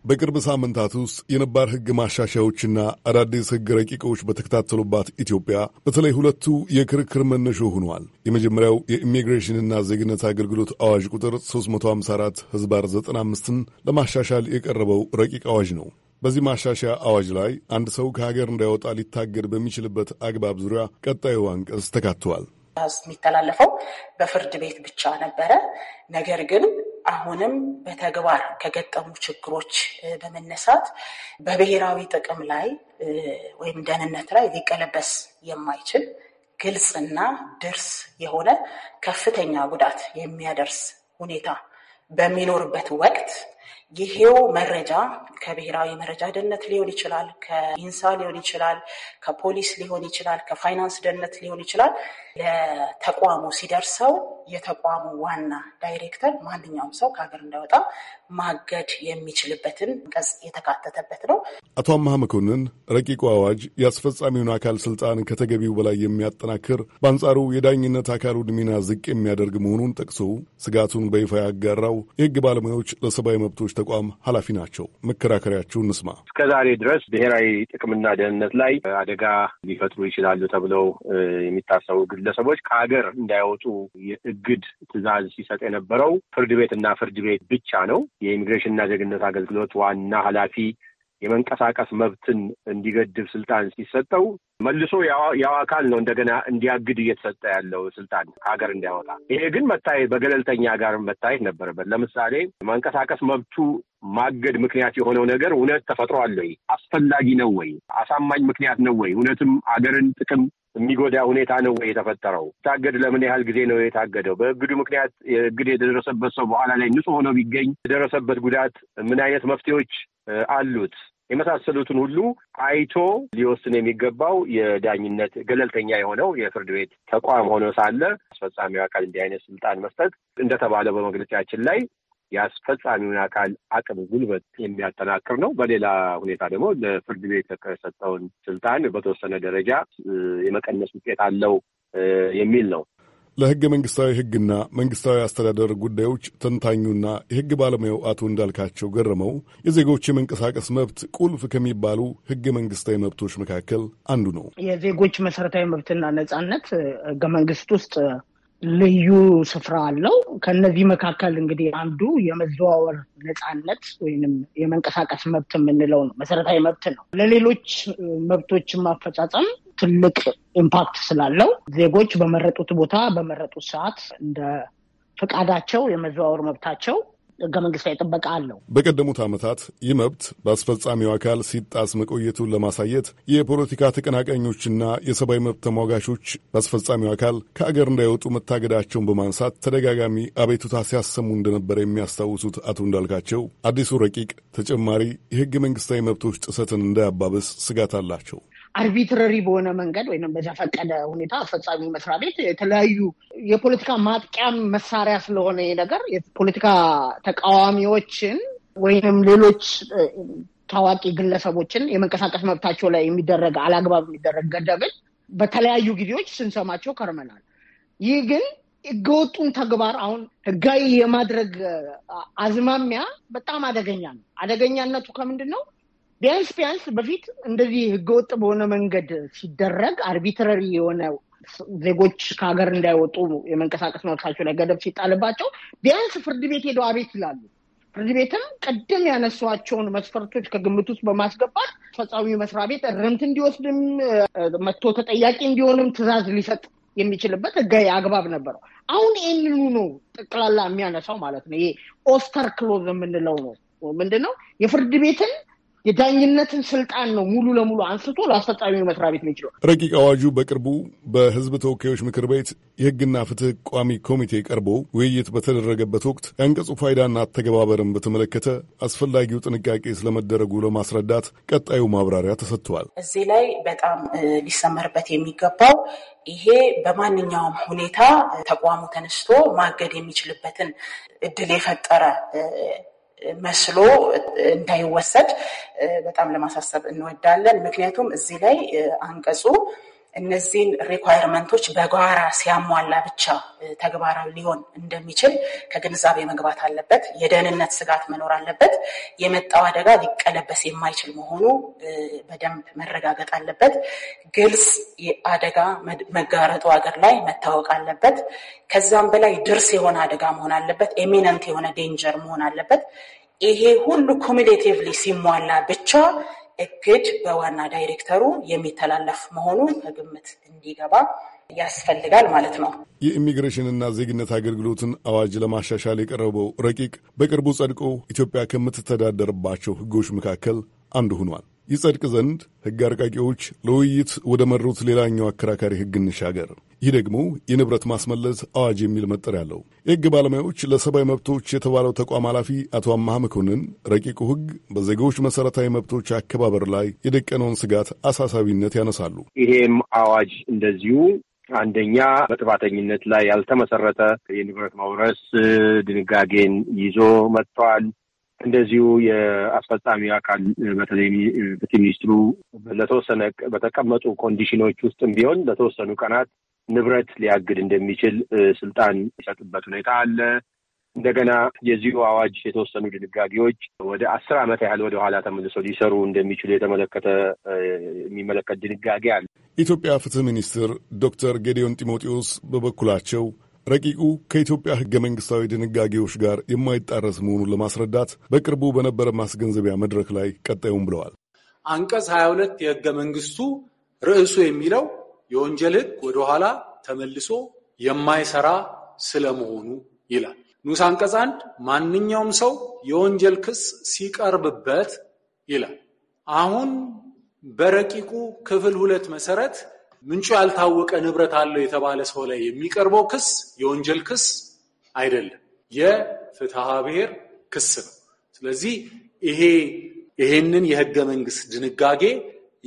በቅርብ ሳምንታት ውስጥ የነባር ሕግ ማሻሻያዎችና አዳዲስ ሕግ ረቂቆች በተከታተሉባት ኢትዮጵያ በተለይ ሁለቱ የክርክር መነሾ ሆኗል። የመጀመሪያው የኢሚግሬሽንና ዜግነት አገልግሎት አዋጅ ቁጥር 354 ህዝባር 95ን ለማሻሻል የቀረበው ረቂቅ አዋጅ ነው። በዚህ ማሻሻያ አዋጅ ላይ አንድ ሰው ከሀገር እንዳይወጣ ሊታገድ በሚችልበት አግባብ ዙሪያ ቀጣዩ አንቀጽ ተካትቷል። የሚተላለፈው በፍርድ ቤት ብቻ ነበረ። ነገር ግን አሁንም በተግባር ከገጠሙ ችግሮች በመነሳት በብሔራዊ ጥቅም ላይ ወይም ደህንነት ላይ ሊቀለበስ የማይችል ግልጽና ድርስ የሆነ ከፍተኛ ጉዳት የሚያደርስ ሁኔታ በሚኖርበት ወቅት ይሄው መረጃ ከብሔራዊ መረጃ ደህንነት ሊሆን ይችላል፣ ከኢንሳ ሊሆን ይችላል፣ ከፖሊስ ሊሆን ይችላል፣ ከፋይናንስ ደህንነት ሊሆን ይችላል። ለተቋሙ ሲደርሰው የተቋሙ ዋና ዳይሬክተር ማንኛውም ሰው ከሀገር እንዳይወጣ ማገድ የሚችልበትን አንቀጽ የተካተተበት ነው። አቶ አመሀ መኮንን ረቂቁ አዋጅ የአስፈጻሚውን አካል ስልጣን ከተገቢው በላይ የሚያጠናክር በአንጻሩ የዳኝነት አካሉን ሚና ዝቅ የሚያደርግ መሆኑን ጠቅሶ ስጋቱን በይፋ ያጋራው የህግ ባለሙያዎች ለሰብአዊ መብቶች ተቋም ኃላፊ ናቸው። መከራከሪያቸው እንስማ። እስከዛሬ ድረስ ብሔራዊ ጥቅምና ደህንነት ላይ አደጋ ሊፈጥሩ ይችላሉ ተብለው የሚታሰቡ ግለሰቦች ከሀገር እንዳይወጡ የእግድ ትዕዛዝ ሲሰጥ የነበረው ፍርድ ቤት እና ፍርድ ቤት ብቻ ነው። የኢሚግሬሽንና ዜግነት አገልግሎት ዋና ኃላፊ የመንቀሳቀስ መብትን እንዲገድብ ስልጣን ሲሰጠው መልሶ ያው አካል ነው እንደገና እንዲያግድ እየተሰጠ ያለው ስልጣን ከሀገር እንዲያወጣ። ይሄ ግን መታየት በገለልተኛ ጋር መታየት ነበረበት። ለምሳሌ መንቀሳቀስ መብቱ ማገድ ምክንያት የሆነው ነገር እውነት ተፈጥሮ አለ ወይ? አስፈላጊ ነው ወይ? አሳማኝ ምክንያት ነው ወይ? እውነትም አገርን ጥቅም የሚጎዳ ሁኔታ ነው ወይ የተፈጠረው? ታገድ ለምን ያህል ጊዜ ነው የታገደው? በእግዱ ምክንያት እግድ የደረሰበት ሰው በኋላ ላይ ንጹህ ሆኖ ቢገኝ የደረሰበት ጉዳት ምን አይነት መፍትሄዎች አሉት? የመሳሰሉትን ሁሉ አይቶ ሊወስን የሚገባው የዳኝነት ገለልተኛ የሆነው የፍርድ ቤት ተቋም ሆኖ ሳለ አስፈጻሚው አካል እንዲህ አይነት ስልጣን መስጠት እንደተባለው በመግለጫችን ላይ የአስፈጻሚውን አካል አቅም ጉልበት የሚያጠናክር ነው። በሌላ ሁኔታ ደግሞ ለፍርድ ቤት የሰጠውን ስልጣን በተወሰነ ደረጃ የመቀነስ ውጤት አለው የሚል ነው። ለህገ መንግስታዊ ህግና መንግስታዊ አስተዳደር ጉዳዮች ተንታኙና የህግ ባለሙያው አቶ እንዳልካቸው ገረመው የዜጎች የመንቀሳቀስ መብት ቁልፍ ከሚባሉ ህገ መንግስታዊ መብቶች መካከል አንዱ ነው። የዜጎች መሰረታዊ መብትና ነጻነት ህገ መንግስት ውስጥ ልዩ ስፍራ አለው። ከነዚህ መካከል እንግዲህ አንዱ የመዘዋወር ነፃነት ወይም የመንቀሳቀስ መብት የምንለው ነው። መሰረታዊ መብት ነው። ለሌሎች መብቶች ማፈጻጸም ትልቅ ኢምፓክት ስላለው ዜጎች በመረጡት ቦታ በመረጡት ሰዓት እንደ ፈቃዳቸው የመዘዋወር መብታቸው ህገ መንግስታዊ ጥበቃ አለው። በቀደሙት ዓመታት ይህ መብት በአስፈጻሚው አካል ሲጣስ መቆየቱን ለማሳየት የፖለቲካ ተቀናቃኞችና የሰብአዊ መብት ተሟጋቾች በአስፈጻሚው አካል ከአገር እንዳይወጡ መታገዳቸውን በማንሳት ተደጋጋሚ አቤቱታ ሲያሰሙ እንደነበረ የሚያስታውሱት አቶ እንዳልካቸው አዲሱ ረቂቅ ተጨማሪ የህገ መንግስታዊ መብቶች ጥሰትን እንዳያባብስ ስጋት አላቸው። አርቢትረሪ በሆነ መንገድ ወይም በዘፈቀደ ሁኔታ አስፈጻሚ መስሪያ ቤት የተለያዩ የፖለቲካ ማጥቂያም መሳሪያ ስለሆነ ነገር የፖለቲካ ተቃዋሚዎችን ወይም ሌሎች ታዋቂ ግለሰቦችን የመንቀሳቀስ መብታቸው ላይ የሚደረግ አላግባብ የሚደረግ ገደብን በተለያዩ ጊዜዎች ስንሰማቸው ከርመናል። ይህ ግን ህገወጡን ተግባር አሁን ህጋዊ የማድረግ አዝማሚያ በጣም አደገኛ ነው። አደገኛነቱ ከምንድን ነው? ቢያንስ ቢያንስ በፊት እንደዚህ ህገወጥ በሆነ መንገድ ሲደረግ አርቢትራሪ የሆነ ዜጎች ከሀገር እንዳይወጡ የመንቀሳቀስ መብታቸው ላይ ገደብ ሲጣልባቸው ቢያንስ ፍርድ ቤት ሄደው አቤት ይላሉ። ፍርድ ቤትም ቅድም ያነሷቸውን መስፈርቶች ከግምት ውስጥ በማስገባት ፈጻሚ መስሪያ ቤት እርምት እንዲወስድም መጥቶ ተጠያቂ እንዲሆንም ትዕዛዝ ሊሰጥ የሚችልበት ህጋዊ አግባብ ነበረው። አሁን ይህንኑ ነው ጠቅላላ የሚያነሳው ማለት ነው። ይሄ ኦስተር ክሎዝ የምንለው ነው። ምንድን ነው የፍርድ ቤትን የዳኝነትን ስልጣን ነው ሙሉ ለሙሉ አንስቶ ለአስፈጻሚው መስሪያ ቤት ነው የሚችለው። ረቂቅ አዋጁ በቅርቡ በህዝብ ተወካዮች ምክር ቤት የህግና ፍትህ ቋሚ ኮሚቴ ቀርቦ ውይይት በተደረገበት ወቅት የአንቀጹ ፋይዳና አተገባበርን በተመለከተ አስፈላጊው ጥንቃቄ ስለመደረጉ ለማስረዳት ቀጣዩ ማብራሪያ ተሰጥተዋል። እዚህ ላይ በጣም ሊሰመርበት የሚገባው ይሄ በማንኛውም ሁኔታ ተቋሙ ተነስቶ ማገድ የሚችልበትን እድል የፈጠረ መስሎ እንዳይወሰድ በጣም ለማሳሰብ እንወዳለን። ምክንያቱም እዚህ ላይ አንቀጹ እነዚህን ሪኳየርመንቶች በጋራ ሲያሟላ ብቻ ተግባራዊ ሊሆን እንደሚችል ከግንዛቤ መግባት አለበት። የደህንነት ስጋት መኖር አለበት። የመጣው አደጋ ሊቀለበስ የማይችል መሆኑ በደንብ መረጋገጥ አለበት። ግልጽ አደጋ መጋረጡ ሀገር ላይ መታወቅ አለበት። ከዛም በላይ ድርስ የሆነ አደጋ መሆን አለበት። ኤሚነንት የሆነ ዴንጀር መሆን አለበት። ይሄ ሁሉ ኩሚሌቲቭሊ ሲሟላ ብቻ እቅድ በዋና ዳይሬክተሩ የሚተላለፍ መሆኑ ከግምት እንዲገባ ያስፈልጋል ማለት ነው። የኢሚግሬሽንና ዜግነት አገልግሎትን አዋጅ ለማሻሻል የቀረበው ረቂቅ በቅርቡ ጸድቆ ኢትዮጵያ ከምትተዳደርባቸው ሕጎች መካከል አንዱ ሆኗል። ይጸድቅ ዘንድ ሕግ አርቃቂዎች ለውይይት ወደ መሩት ሌላኛው አከራካሪ ሕግ እንሻገር። ይህ ደግሞ የንብረት ማስመለስ አዋጅ የሚል መጠሪያ አለው። የህግ ባለሙያዎች ለሰብአዊ መብቶች የተባለው ተቋም ኃላፊ አቶ አማሃ መኮንን ረቂቁ ህግ በዜጎች መሰረታዊ መብቶች አከባበር ላይ የደቀነውን ስጋት አሳሳቢነት ያነሳሉ። ይሄም አዋጅ እንደዚሁ አንደኛ በጥፋተኝነት ላይ ያልተመሰረተ የንብረት ማውረስ ድንጋጌን ይዞ መጥቷል። እንደዚሁ የአስፈጻሚ አካል በተለይ ሚኒስትሩ ለተወሰነ በተቀመጡ ኮንዲሽኖች ውስጥም ቢሆን ለተወሰኑ ቀናት ንብረት ሊያግድ እንደሚችል ስልጣን ይሰጥበት ሁኔታ አለ። እንደገና የዚሁ አዋጅ የተወሰኑ ድንጋጌዎች ወደ አስር ዓመት ያህል ወደ ኋላ ተመልሰው ሊሰሩ እንደሚችሉ የተመለከተ የሚመለከት ድንጋጌ አለ። የኢትዮጵያ ፍትህ ሚኒስትር ዶክተር ጌዲዮን ጢሞቴዎስ በበኩላቸው ረቂቁ ከኢትዮጵያ ህገ መንግስታዊ ድንጋጌዎች ጋር የማይጣረስ መሆኑን ለማስረዳት በቅርቡ በነበረ ማስገንዘቢያ መድረክ ላይ ቀጣዩም ብለዋል። አንቀጽ ሀያ ሁለት የህገ መንግስቱ ርዕሱ የሚለው የወንጀል ወደ ወደኋላ ተመልሶ የማይሰራ ስለመሆኑ ይላል ንዑስ አንቀጽ አንድ ማንኛውም ሰው የወንጀል ክስ ሲቀርብበት ይላል። አሁን በረቂቁ ክፍል ሁለት መሰረት ምንጩ ያልታወቀ ንብረት አለው የተባለ ሰው ላይ የሚቀርበው ክስ የወንጀል ክስ አይደለም፣ የፍትሐ ብሔር ክስ ነው። ስለዚህ ይሄ ይሄንን የህገ መንግስት ድንጋጌ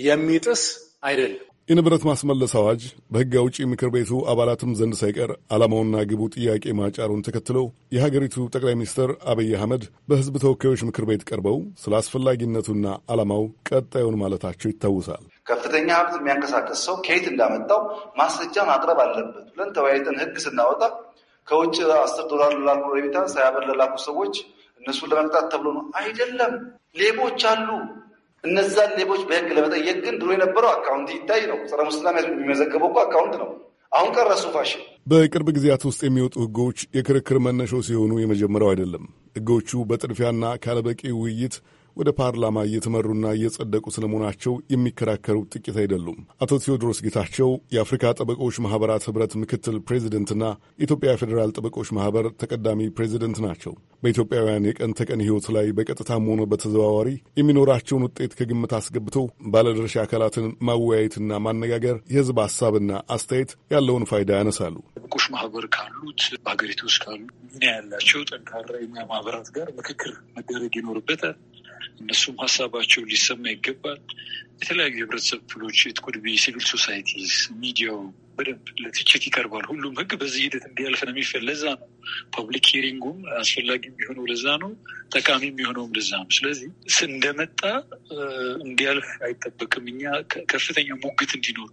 የሚጥስ አይደለም። የንብረት ማስመለስ አዋጅ በሕግ አውጪ ምክር ቤቱ አባላትም ዘንድ ሳይቀር ዓላማውና ግቡ ጥያቄ ማጫሩን ተከትለው የሀገሪቱ ጠቅላይ ሚኒስትር አብይ አህመድ በሕዝብ ተወካዮች ምክር ቤት ቀርበው ስለ አስፈላጊነቱና ዓላማው ቀጣዩን ማለታቸው ይታወሳል። ከፍተኛ ሀብት የሚያንቀሳቀስ ሰው ከየት እንዳመጣው ማስረጃ ማቅረብ አለበት ብለን ተወያይተን ሕግ ስናወጣ ከውጭ አስር ዶላር ለላኩ ሳያበር ለላኩ ሰዎች እነሱን ለመቅጣት ተብሎ ነው አይደለም። ሌቦች አሉ እነዛን ሌቦች በህግ ለመጠየቅ ግን ድሮ የነበረው አካውንት ይታይ ነው። ጸረ ሙስና የሚመዘገበው እኮ አካውንት ነው። አሁን ቀረሱ ፋሽን። በቅርብ ጊዜያት ውስጥ የሚወጡ ህጎች የክርክር መነሾ ሲሆኑ የመጀመሪያው አይደለም። ህጎቹ በጥድፊያና ካለበቂ ውይይት ወደ ፓርላማ እየተመሩና እየጸደቁ ስለመሆናቸው የሚከራከሩ ጥቂት አይደሉም። አቶ ቴዎድሮስ ጌታቸው የአፍሪካ ጠበቆች ማህበራት ህብረት ምክትል ፕሬዚደንትና የኢትዮጵያ ፌዴራል ጠበቆች ማህበር ተቀዳሚ ፕሬዚደንት ናቸው። በኢትዮጵያውያን የቀን ተቀን ህይወት ላይ በቀጥታም ሆነ በተዘዋዋሪ የሚኖራቸውን ውጤት ከግምት አስገብተው ባለድርሻ አካላትን ማወያየትና ማነጋገር የህዝብ ሀሳብና አስተያየት ያለውን ፋይዳ ያነሳሉ። ጠበቆች ማህበር ካሉት በሀገሪቱ ውስጥ ካሉ ሚና ያላቸው ጠንካራ የሙያ ማህበራት ጋር ምክክር መደረግ ይኖርበታል። እነሱም ሀሳባቸው ሊሰማ ይገባል። የተለያዩ የህብረተሰብ ክፍሎች ኢትኩድቢ ሲቪል ሶሳይቲስ፣ ሚዲያው፣ በደንብ ለትችት ይቀርባል። ሁሉም ህግ በዚህ ሂደት እንዲያልፍ ነው የሚፈል። ለዛ ነው ፐብሊክ ሂሪንጉም አስፈላጊ የሚሆነው ለዛ ነው፣ ጠቃሚ የሚሆነውም ለዛ ነው። ስለዚህ እንደመጣ እንዲያልፍ አይጠበቅም። እኛ ከፍተኛ ሙግት እንዲኖር፣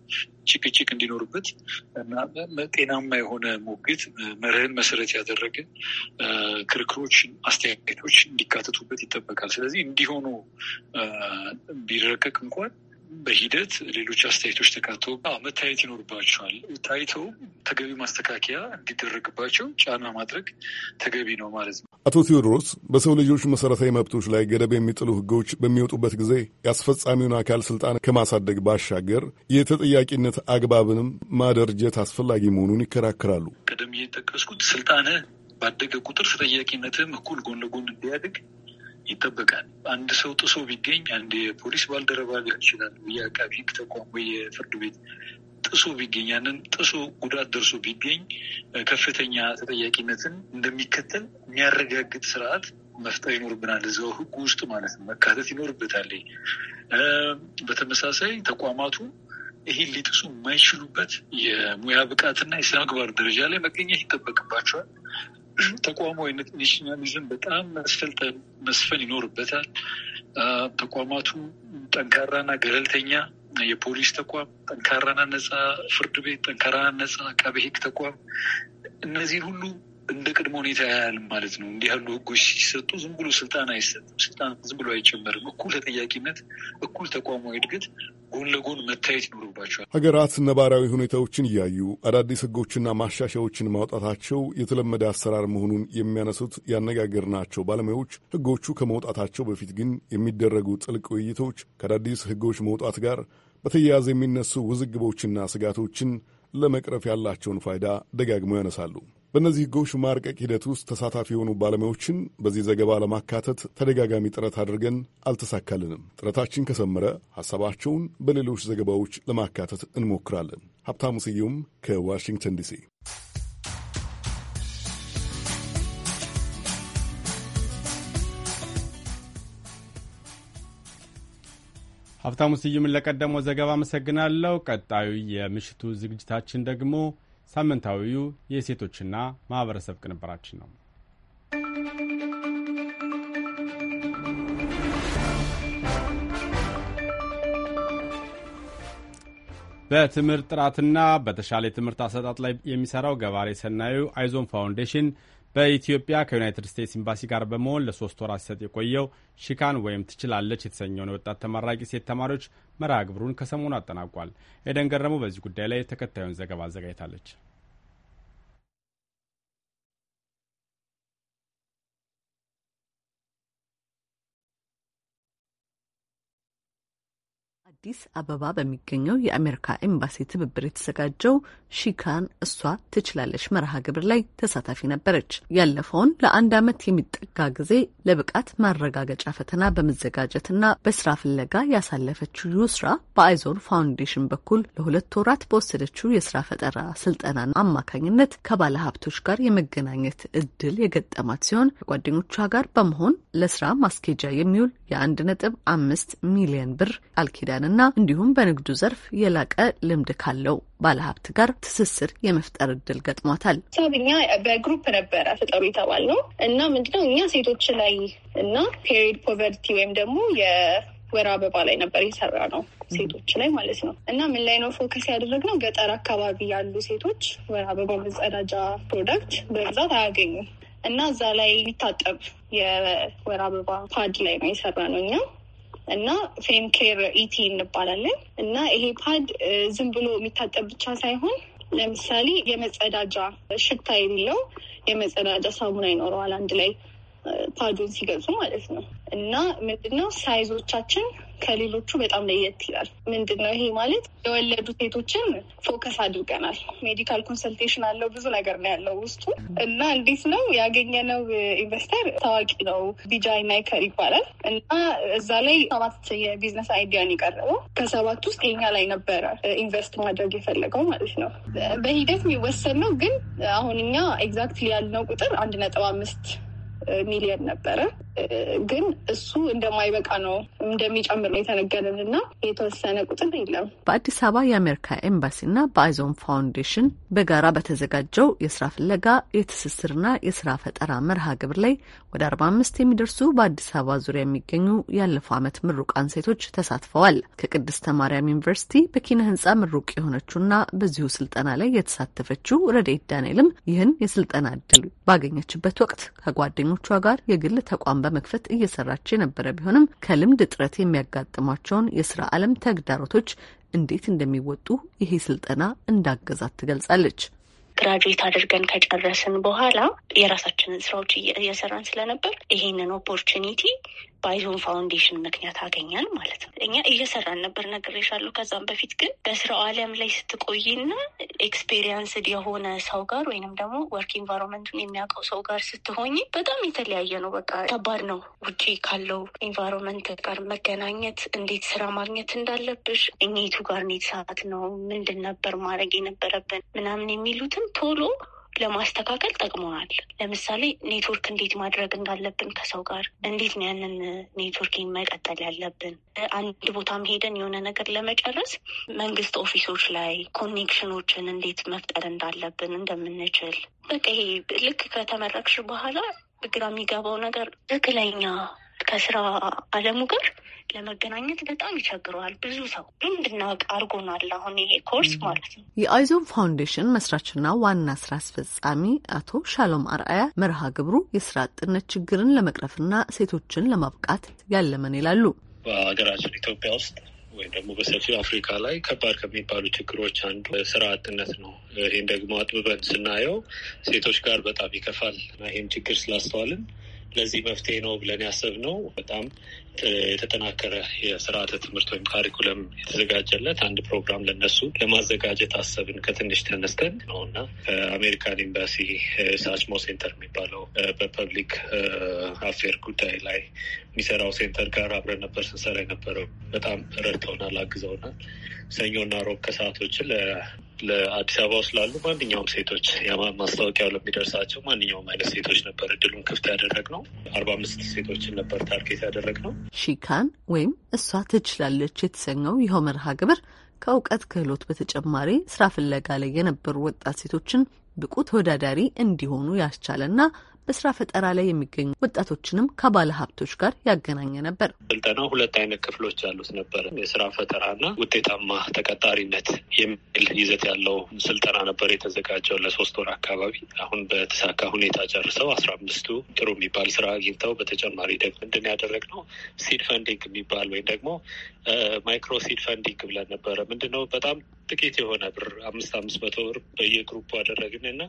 ጭቅጭቅ እንዲኖርበት እና ጤናማ የሆነ ሙግት መርህን መሰረት ያደረገ ክርክሮች፣ አስተያየቶች እንዲካተቱበት ይጠበቃል። ስለዚህ እንዲሆኑ ቢረቀቅ እንኳን በሂደት ሌሎች አስተያየቶች ተካተው መታየት ይኖርባቸዋል። ታይተው ተገቢ ማስተካከያ እንዲደረግባቸው ጫና ማድረግ ተገቢ ነው ማለት ነው። አቶ ቴዎድሮስ በሰው ልጆች መሰረታዊ መብቶች ላይ ገደብ የሚጥሉ ህጎች በሚወጡበት ጊዜ የአስፈጻሚውን አካል ስልጣን ከማሳደግ ባሻገር የተጠያቂነት አግባብንም ማደርጀት አስፈላጊ መሆኑን ይከራከራሉ። ቀደም እየጠቀስኩት ስልጣነ ባደገ ቁጥር ተጠያቂነትም እኩል ጎን ለጎን እንዲያድግ ይጠበቃል። አንድ ሰው ጥሶ ቢገኝ አንድ የፖሊስ ባልደረባ ሊሆን ይችላል፣ የአቃቢ ሕግ ተቋም ወይ የፍርድ ቤት ጥሶ ቢገኝ ያንን ጥሶ ጉዳት ደርሶ ቢገኝ ከፍተኛ ተጠያቂነትን እንደሚከተል የሚያረጋግጥ ስርዓት መፍጠር ይኖርብናል። እዛው ህጉ ውስጥ ማለት ነው መካተት ይኖርበታል። በተመሳሳይ ተቋማቱ ይህን ሊጥሱ የማይችሉበት የሙያ ብቃትና የስነ ምግባር ደረጃ ላይ መገኘት ይጠበቅባቸዋል። ተቋሙ ተቋማዊነት ናሽናሊዝም በጣም መስፈልጠን መስፈን ይኖርበታል። ተቋማቱ ጠንካራና ገለልተኛ የፖሊስ ተቋም፣ ጠንካራና ነፃ ፍርድ ቤት፣ ጠንካራና ነፃ አቃቤ ሕግ ተቋም እነዚህ ሁሉ እንደ ቅድመ ሁኔታ ያህል ማለት ነው። እንዲህ ያሉ ህጎች ሲሰጡ ዝም ብሎ ስልጣን አይሰጥም። ስልጣን ዝም ብሎ አይጨመርም። እኩል ተጠያቂነት፣ እኩል ተቋማዊ እድገት ጎን ለጎን መታየት ይኖርባቸዋል። ሀገራት ነባራዊ ሁኔታዎችን እያዩ አዳዲስ ህጎችና ማሻሻያዎችን ማውጣታቸው የተለመደ አሰራር መሆኑን የሚያነሱት ያነጋገርናቸው ባለሙያዎች ህጎቹ ከመውጣታቸው በፊት ግን የሚደረጉ ጥልቅ ውይይቶች ከአዳዲስ ህጎች መውጣት ጋር በተያያዘ የሚነሱ ውዝግቦችና ስጋቶችን ለመቅረፍ ያላቸውን ፋይዳ ደጋግመው ያነሳሉ። በእነዚህ ህጎች ማርቀቅ ሂደት ውስጥ ተሳታፊ የሆኑ ባለሙያዎችን በዚህ ዘገባ ለማካተት ተደጋጋሚ ጥረት አድርገን አልተሳካልንም። ጥረታችን ከሰመረ ሐሳባቸውን በሌሎች ዘገባዎች ለማካተት እንሞክራለን። ሀብታሙ ስዩም ከዋሽንግተን ዲሲ ሀብታሙ ስዩምን ለቀደመው ዘገባ አመሰግናለሁ። ቀጣዩ የምሽቱ ዝግጅታችን ደግሞ ሳምንታዊው የሴቶችና ማህበረሰብ ቅንብራችን ነው። በትምህርት ጥራትና በተሻለ የትምህርት አሰጣጥ ላይ የሚሰራው ገባሬ ሰናዩ አይዞን ፋውንዴሽን በኢትዮጵያ ከዩናይትድ ስቴትስ ኤምባሲ ጋር በመሆን ለሶስት ወራት ሲሰጥ የቆየው ሽካን ወይም ትችላለች የተሰኘውን የወጣት ተመራቂ ሴት ተማሪዎች መርሃ ግብሩን ከሰሞኑ አጠናቋል። ኤደን ገረመው በዚህ ጉዳይ ላይ ተከታዩን ዘገባ አዘጋጅታለች። አዲስ አበባ በሚገኘው የአሜሪካ ኤምባሲ ትብብር የተዘጋጀው ሺካን እሷ ትችላለች መርሃ ግብር ላይ ተሳታፊ ነበረች። ያለፈውን ለአንድ ዓመት የሚጠጋ ጊዜ ለብቃት ማረጋገጫ ፈተና በመዘጋጀትና በስራ ፍለጋ ያሳለፈችው ዩስራ በአይዞን ፋውንዴሽን በኩል ለሁለት ወራት በወሰደችው የስራ ፈጠራ ስልጠና አማካኝነት ከባለ ሀብቶች ጋር የመገናኘት እድል የገጠማት ሲሆን ከጓደኞቿ ጋር በመሆን ለስራ ማስኬጃ የሚውል የአንድ ነጥብ አምስት ሚሊዮን ብር ቃል መሆንና እንዲሁም በንግዱ ዘርፍ የላቀ ልምድ ካለው ባለሀብት ጋር ትስስር የመፍጠር እድል ገጥሟታል። ሳብ እኛ በግሩፕ ነበረ ፍጠሩ የተባል ነው እና ምንድነው እኛ ሴቶች ላይ እና ፔሪድ ፖቨርቲ ወይም ደግሞ የወር አበባ ላይ ነበር የሰራ ነው ሴቶች ላይ ማለት ነው እና ምን ላይ ነው ፎከስ ያደረግነው? ገጠር አካባቢ ያሉ ሴቶች ወር አበባ መጸዳጃ ፕሮዳክት በብዛት አያገኙም እና እዛ ላይ የሚታጠብ የወር አበባ ፓድ ላይ ነው የሰራ ነው እኛ እና ፌም ኬር ኢቲ እንባላለን እና ይሄ ፓድ ዝም ብሎ የሚታጠብ ብቻ ሳይሆን ለምሳሌ የመጸዳጃ ሽታ የሌለው የመጸዳጃ ሳሙና ይኖረዋል አንድ ላይ ፓዱን ሲገልጹ ማለት ነው። እና ምንድነው ሳይዞቻችን ከሌሎቹ በጣም ለየት ይላል። ምንድን ነው ይሄ ማለት? የወለዱ ሴቶችን ፎከስ አድርገናል። ሜዲካል ኮንሰልቴሽን አለው፣ ብዙ ነገር ነው ያለው ውስጡ እና እንዴት ነው ያገኘነው ኢንቨስተር ታዋቂ ነው፣ ቢጃይ ናይከር ይባላል እና እዛ ላይ ሰባት የቢዝነስ አይዲያን የቀረበው ከሰባት ውስጥ የኛ ላይ ነበረ ኢንቨስት ማድረግ የፈለገው ማለት ነው። በሂደት የሚወሰን ነው ግን አሁን እኛ ኤግዛክትሊ ያልነው ቁጥር አንድ ነጥብ አምስት ሚሊዮን ነበረ። ግን እሱ እንደማይበቃ ነው እንደሚጨምር ነው የተነገረን እና የተወሰነ ቁጥር የለም። በአዲስ አበባ የአሜሪካ ኤምባሲ እና በአይዞን ፋውንዴሽን በጋራ በተዘጋጀው የስራ ፍለጋ የትስስርና የስራ ፈጠራ መርሃ ግብር ላይ ወደ አርባ አምስት የሚደርሱ በአዲስ አበባ ዙሪያ የሚገኙ ያለፈው ዓመት ምሩቃን ሴቶች ተሳትፈዋል። ከቅድስተ ማርያም ዩኒቨርሲቲ በኪነ ህንጻ ምሩቅ የሆነችውና በዚሁ ስልጠና ላይ የተሳተፈችው ረዴት ዳንኤልም ይህን የስልጠና እድል ባገኘችበት ወቅት ከጓደኞቿ ጋር የግል ተቋም በመክፈት እየሰራች የነበረ ቢሆንም ከልምድ እጥረት የሚያጋጥሟቸውን የስራ ዓለም ተግዳሮቶች እንዴት እንደሚወጡ ይሄ ስልጠና እንዳገዛት ትገልጻለች። ግራጁዌት አድርገን ከጨረስን በኋላ የራሳችንን ስራዎች እየሰራን ስለነበር ይሄንን ኦፖርቹኒቲ ባይዞን ፋውንዴሽን ምክንያት አገኛል ማለት ነው። እኛ እየሰራን ነበር ነግሬሻለሁ። ከዛም በፊት ግን በስራው አለም ላይ ስትቆይና ኤክስፔሪየንስድ የሆነ ሰው ጋር ወይንም ደግሞ ወርክ ኢንቫይሮንመንቱን የሚያውቀው ሰው ጋር ስትሆኝ በጣም የተለያየ ነው። በቃ ከባድ ነው። ውጪ ካለው ኢንቫይሮንመንት ጋር መገናኘት፣ እንዴት ስራ ማግኘት እንዳለብሽ፣ እኔቱ ጋር ኔት ሰዓት ነው ምንድን ነበር ማድረግ የነበረብን ምናምን የሚሉትን ቶሎ ለማስተካከል ጠቅሞናል። ለምሳሌ ኔትወርክ እንዴት ማድረግ እንዳለብን ከሰው ጋር እንዴት ነው ያንን ኔትወርኪንግ መቀጠል ያለብን። አንድ ቦታም ሄደን የሆነ ነገር ለመጨረስ መንግስት ኦፊሶች ላይ ኮኔክሽኖችን እንዴት መፍጠር እንዳለብን እንደምንችል በቃ ይሄ ልክ ከተመረቅሽ በኋላ ግራ የሚገባው ነገር ትክክለኛ ከስራ አለሙ ጋር ለመገናኘት በጣም ይቸግረዋል። ብዙ ሰው እንድናውቅ አድርጎናል። አሁን ይሄ ኮርስ ማለት ነው። የአይዞን ፋውንዴሽን መስራችና ዋና ስራ አስፈጻሚ አቶ ሻሎም አርአያ መርሃ ግብሩ የስራ አጥነት ችግርን ለመቅረፍና ሴቶችን ለማብቃት ያለመን ይላሉ። በሀገራችን ኢትዮጵያ ውስጥ ወይም ደግሞ በሰፊው አፍሪካ ላይ ከባድ ከሚባሉ ችግሮች አንዱ ስራ አጥነት ነው። ይህን ደግሞ አጥብበን ስናየው ሴቶች ጋር በጣም ይከፋል ይህን ችግር ስላስተዋልን ለዚህ መፍትሄ ነው ብለን ያሰብነው በጣም የተጠናከረ የስርዓተ ትምህርት ወይም ካሪኩለም የተዘጋጀለት አንድ ፕሮግራም ለነሱ ለማዘጋጀት አሰብን። ከትንሽ ተነስተን ነው እና አሜሪካን ኤምባሲ ሳችሞ ሴንተር የሚባለው በፐብሊክ አፌር ጉዳይ ላይ የሚሰራው ሴንተር ጋር አብረን ነበር ስንሰራ የነበረው። በጣም ረድተውናል፣ አግዘውናል። ሰኞና ሮብ ከሰዓቶች ለአዲስ አበባ ውስጥ ላሉ ማንኛውም ሴቶች ማስታወቂያው ለሚደርሳቸው ማንኛውም አይነት ሴቶች ነበር እድሉን ክፍት ነው። አርባ አምስት ሴቶችን ነበር ታርጌት ነው። ሺካን ወይም እሷ ትችላለች የተሰኘው ይኸው መርሃ ግብር ከእውቀት ክህሎት በተጨማሪ ስራ ፍለጋ ላይ የነበሩ ወጣት ሴቶችን ብቁ ተወዳዳሪ እንዲሆኑ ያስቻለና በስራ ፈጠራ ላይ የሚገኙ ወጣቶችንም ከባለ ሀብቶች ጋር ያገናኘ ነበር። ስልጠናው ሁለት አይነት ክፍሎች ያሉት ነበር። የስራ ፈጠራና ውጤታማ ተቀጣሪነት የሚል ይዘት ያለው ስልጠና ነበር የተዘጋጀው ለሶስት ወር አካባቢ። አሁን በተሳካ ሁኔታ ጨርሰው አስራ አምስቱ ጥሩ የሚባል ስራ አግኝተው በተጨማሪ ደግሞ ምንድን ነው ሲድ ፈንዲንግ የሚባል ወይም ደግሞ ማይክሮሲድ ፈንዲንግ ብለን ነበረ። ምንድነው በጣም ጥቂት የሆነ ብር አምስት አምስት መቶ ብር በየግሩፑ አደረግን እና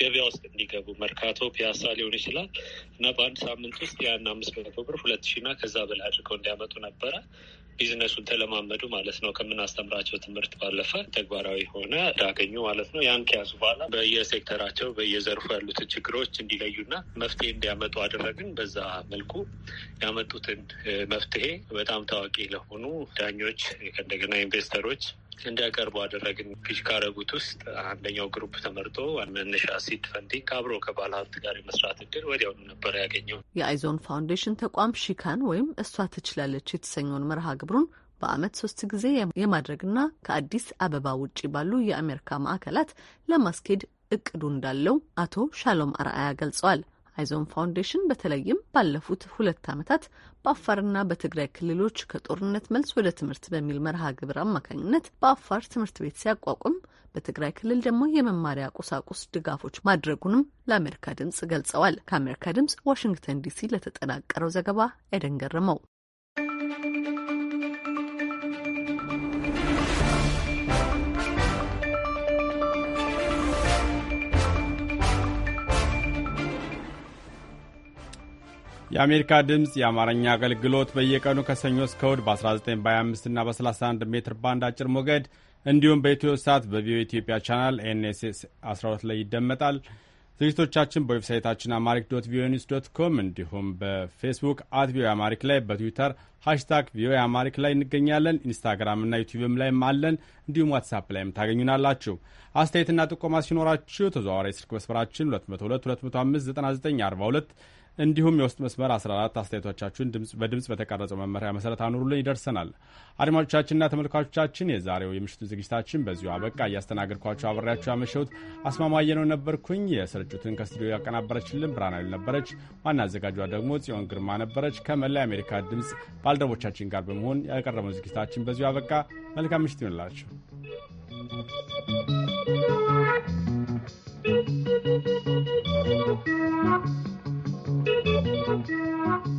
ገበያ ውስጥ እንዲገቡ መርካቶ፣ ፒያሳ ሊሆን ይችላል እና በአንድ ሳምንት ውስጥ ያን አምስት መቶ ብር ሁለት ሺና ከዛ በላይ አድርገው እንዲያመጡ ነበረ። ቢዝነሱን ተለማመዱ ማለት ነው። ከምናስተምራቸው ትምህርት ባለፈ ተግባራዊ ሆነ እንዳገኙ ማለት ነው። ያን ከያዙ በኋላ በየሴክተራቸው በየዘርፉ ያሉትን ችግሮች እንዲለዩና መፍትሄ እንዲያመጡ አደረግን። በዛ መልኩ ያመጡትን መፍትሄ በጣም ታዋቂ ለሆኑ ዳኞች፣ እንደገና ኢንቨስተሮች እንዲያቀርቡ አደረግን። ፒች ካረጉት ውስጥ አንደኛው ግሩፕ ተመርጦ መነሻ ሲድ ፈንዲንግ አብሮ ከባለ ሀብት ጋር የመስራት እድል ወዲያውኑ ነበር ያገኘው። የአይዞን ፋውንዴሽን ተቋም ሺካን ወይም እሷ ትችላለች የተሰኘውን መርሃ ግብሩን በአመት ሶስት ጊዜ የማድረግና ከአዲስ አበባ ውጭ ባሉ የአሜሪካ ማዕከላት ለማስኬድ እቅዱ እንዳለው አቶ ሻሎም አርአያ ገልጸዋል። አይዞን ፋውንዴሽን በተለይም ባለፉት ሁለት ዓመታት በአፋርና በትግራይ ክልሎች ከጦርነት መልስ ወደ ትምህርት በሚል መርሃ ግብር አማካኝነት በአፋር ትምህርት ቤት ሲያቋቁም በትግራይ ክልል ደግሞ የመማሪያ ቁሳቁስ ድጋፎች ማድረጉንም ለአሜሪካ ድምጽ ገልጸዋል። ከአሜሪካ ድምጽ ዋሽንግተን ዲሲ ለተጠናቀረው ዘገባ አይደን ገረመው። የአሜሪካ ድምፅ የአማርኛ አገልግሎት በየቀኑ ከሰኞ እስከ እሁድ በ19 በ25 እና በ31 ሜትር ባንድ አጭር ሞገድ እንዲሁም በኢትዮ ሳት በቪኦ ኢትዮጵያ ቻናል ኤንኤስኤስ 12 ላይ ይደመጣል። ዝግጅቶቻችን በዌብሳይታችን አማሪክ ዶት ቪኦኤ ኒውስ ዶት ኮም እንዲሁም በፌስቡክ አት ቪኦኤ አማሪክ ላይ በትዊተር ሃሽታግ ቪኦኤ አማሪክ ላይ እንገኛለን። ኢንስታግራምና ዩቲዩብም ላይም አለን። እንዲሁም ዋትሳፕ ላይም ታገኙናላችሁ። አስተያየትና ጥቆማ ሲኖራችሁ ተዘዋዋሪ ስልክ መስመራችን 202 205 9942 እንዲሁም የውስጥ መስመር 14 አስተያየቶቻችሁን በድምፅ በተቀረጸው መመሪያ መሰረት አኑሩልን። ይደርሰናል። አድማጮቻችንና ተመልካቾቻችን የዛሬው የምሽቱ ዝግጅታችን በዚሁ አበቃ። እያስተናገድኳቸው አብሬያችሁ ያመሸሁት አስማማየ ነው ነበርኩኝ። የስርጭቱን ከስቱዲዮ ያቀናበረችልን ብራናል ነበረች። ዋና አዘጋጇ ደግሞ ጽዮን ግርማ ነበረች። ከመላ የአሜሪካ ድምፅ ባልደረቦቻችን ጋር በመሆን ያቀረበው ዝግጅታችን በዚሁ አበቃ። መልካም ምሽት ይሆንላችሁ። Thank you. Thank you.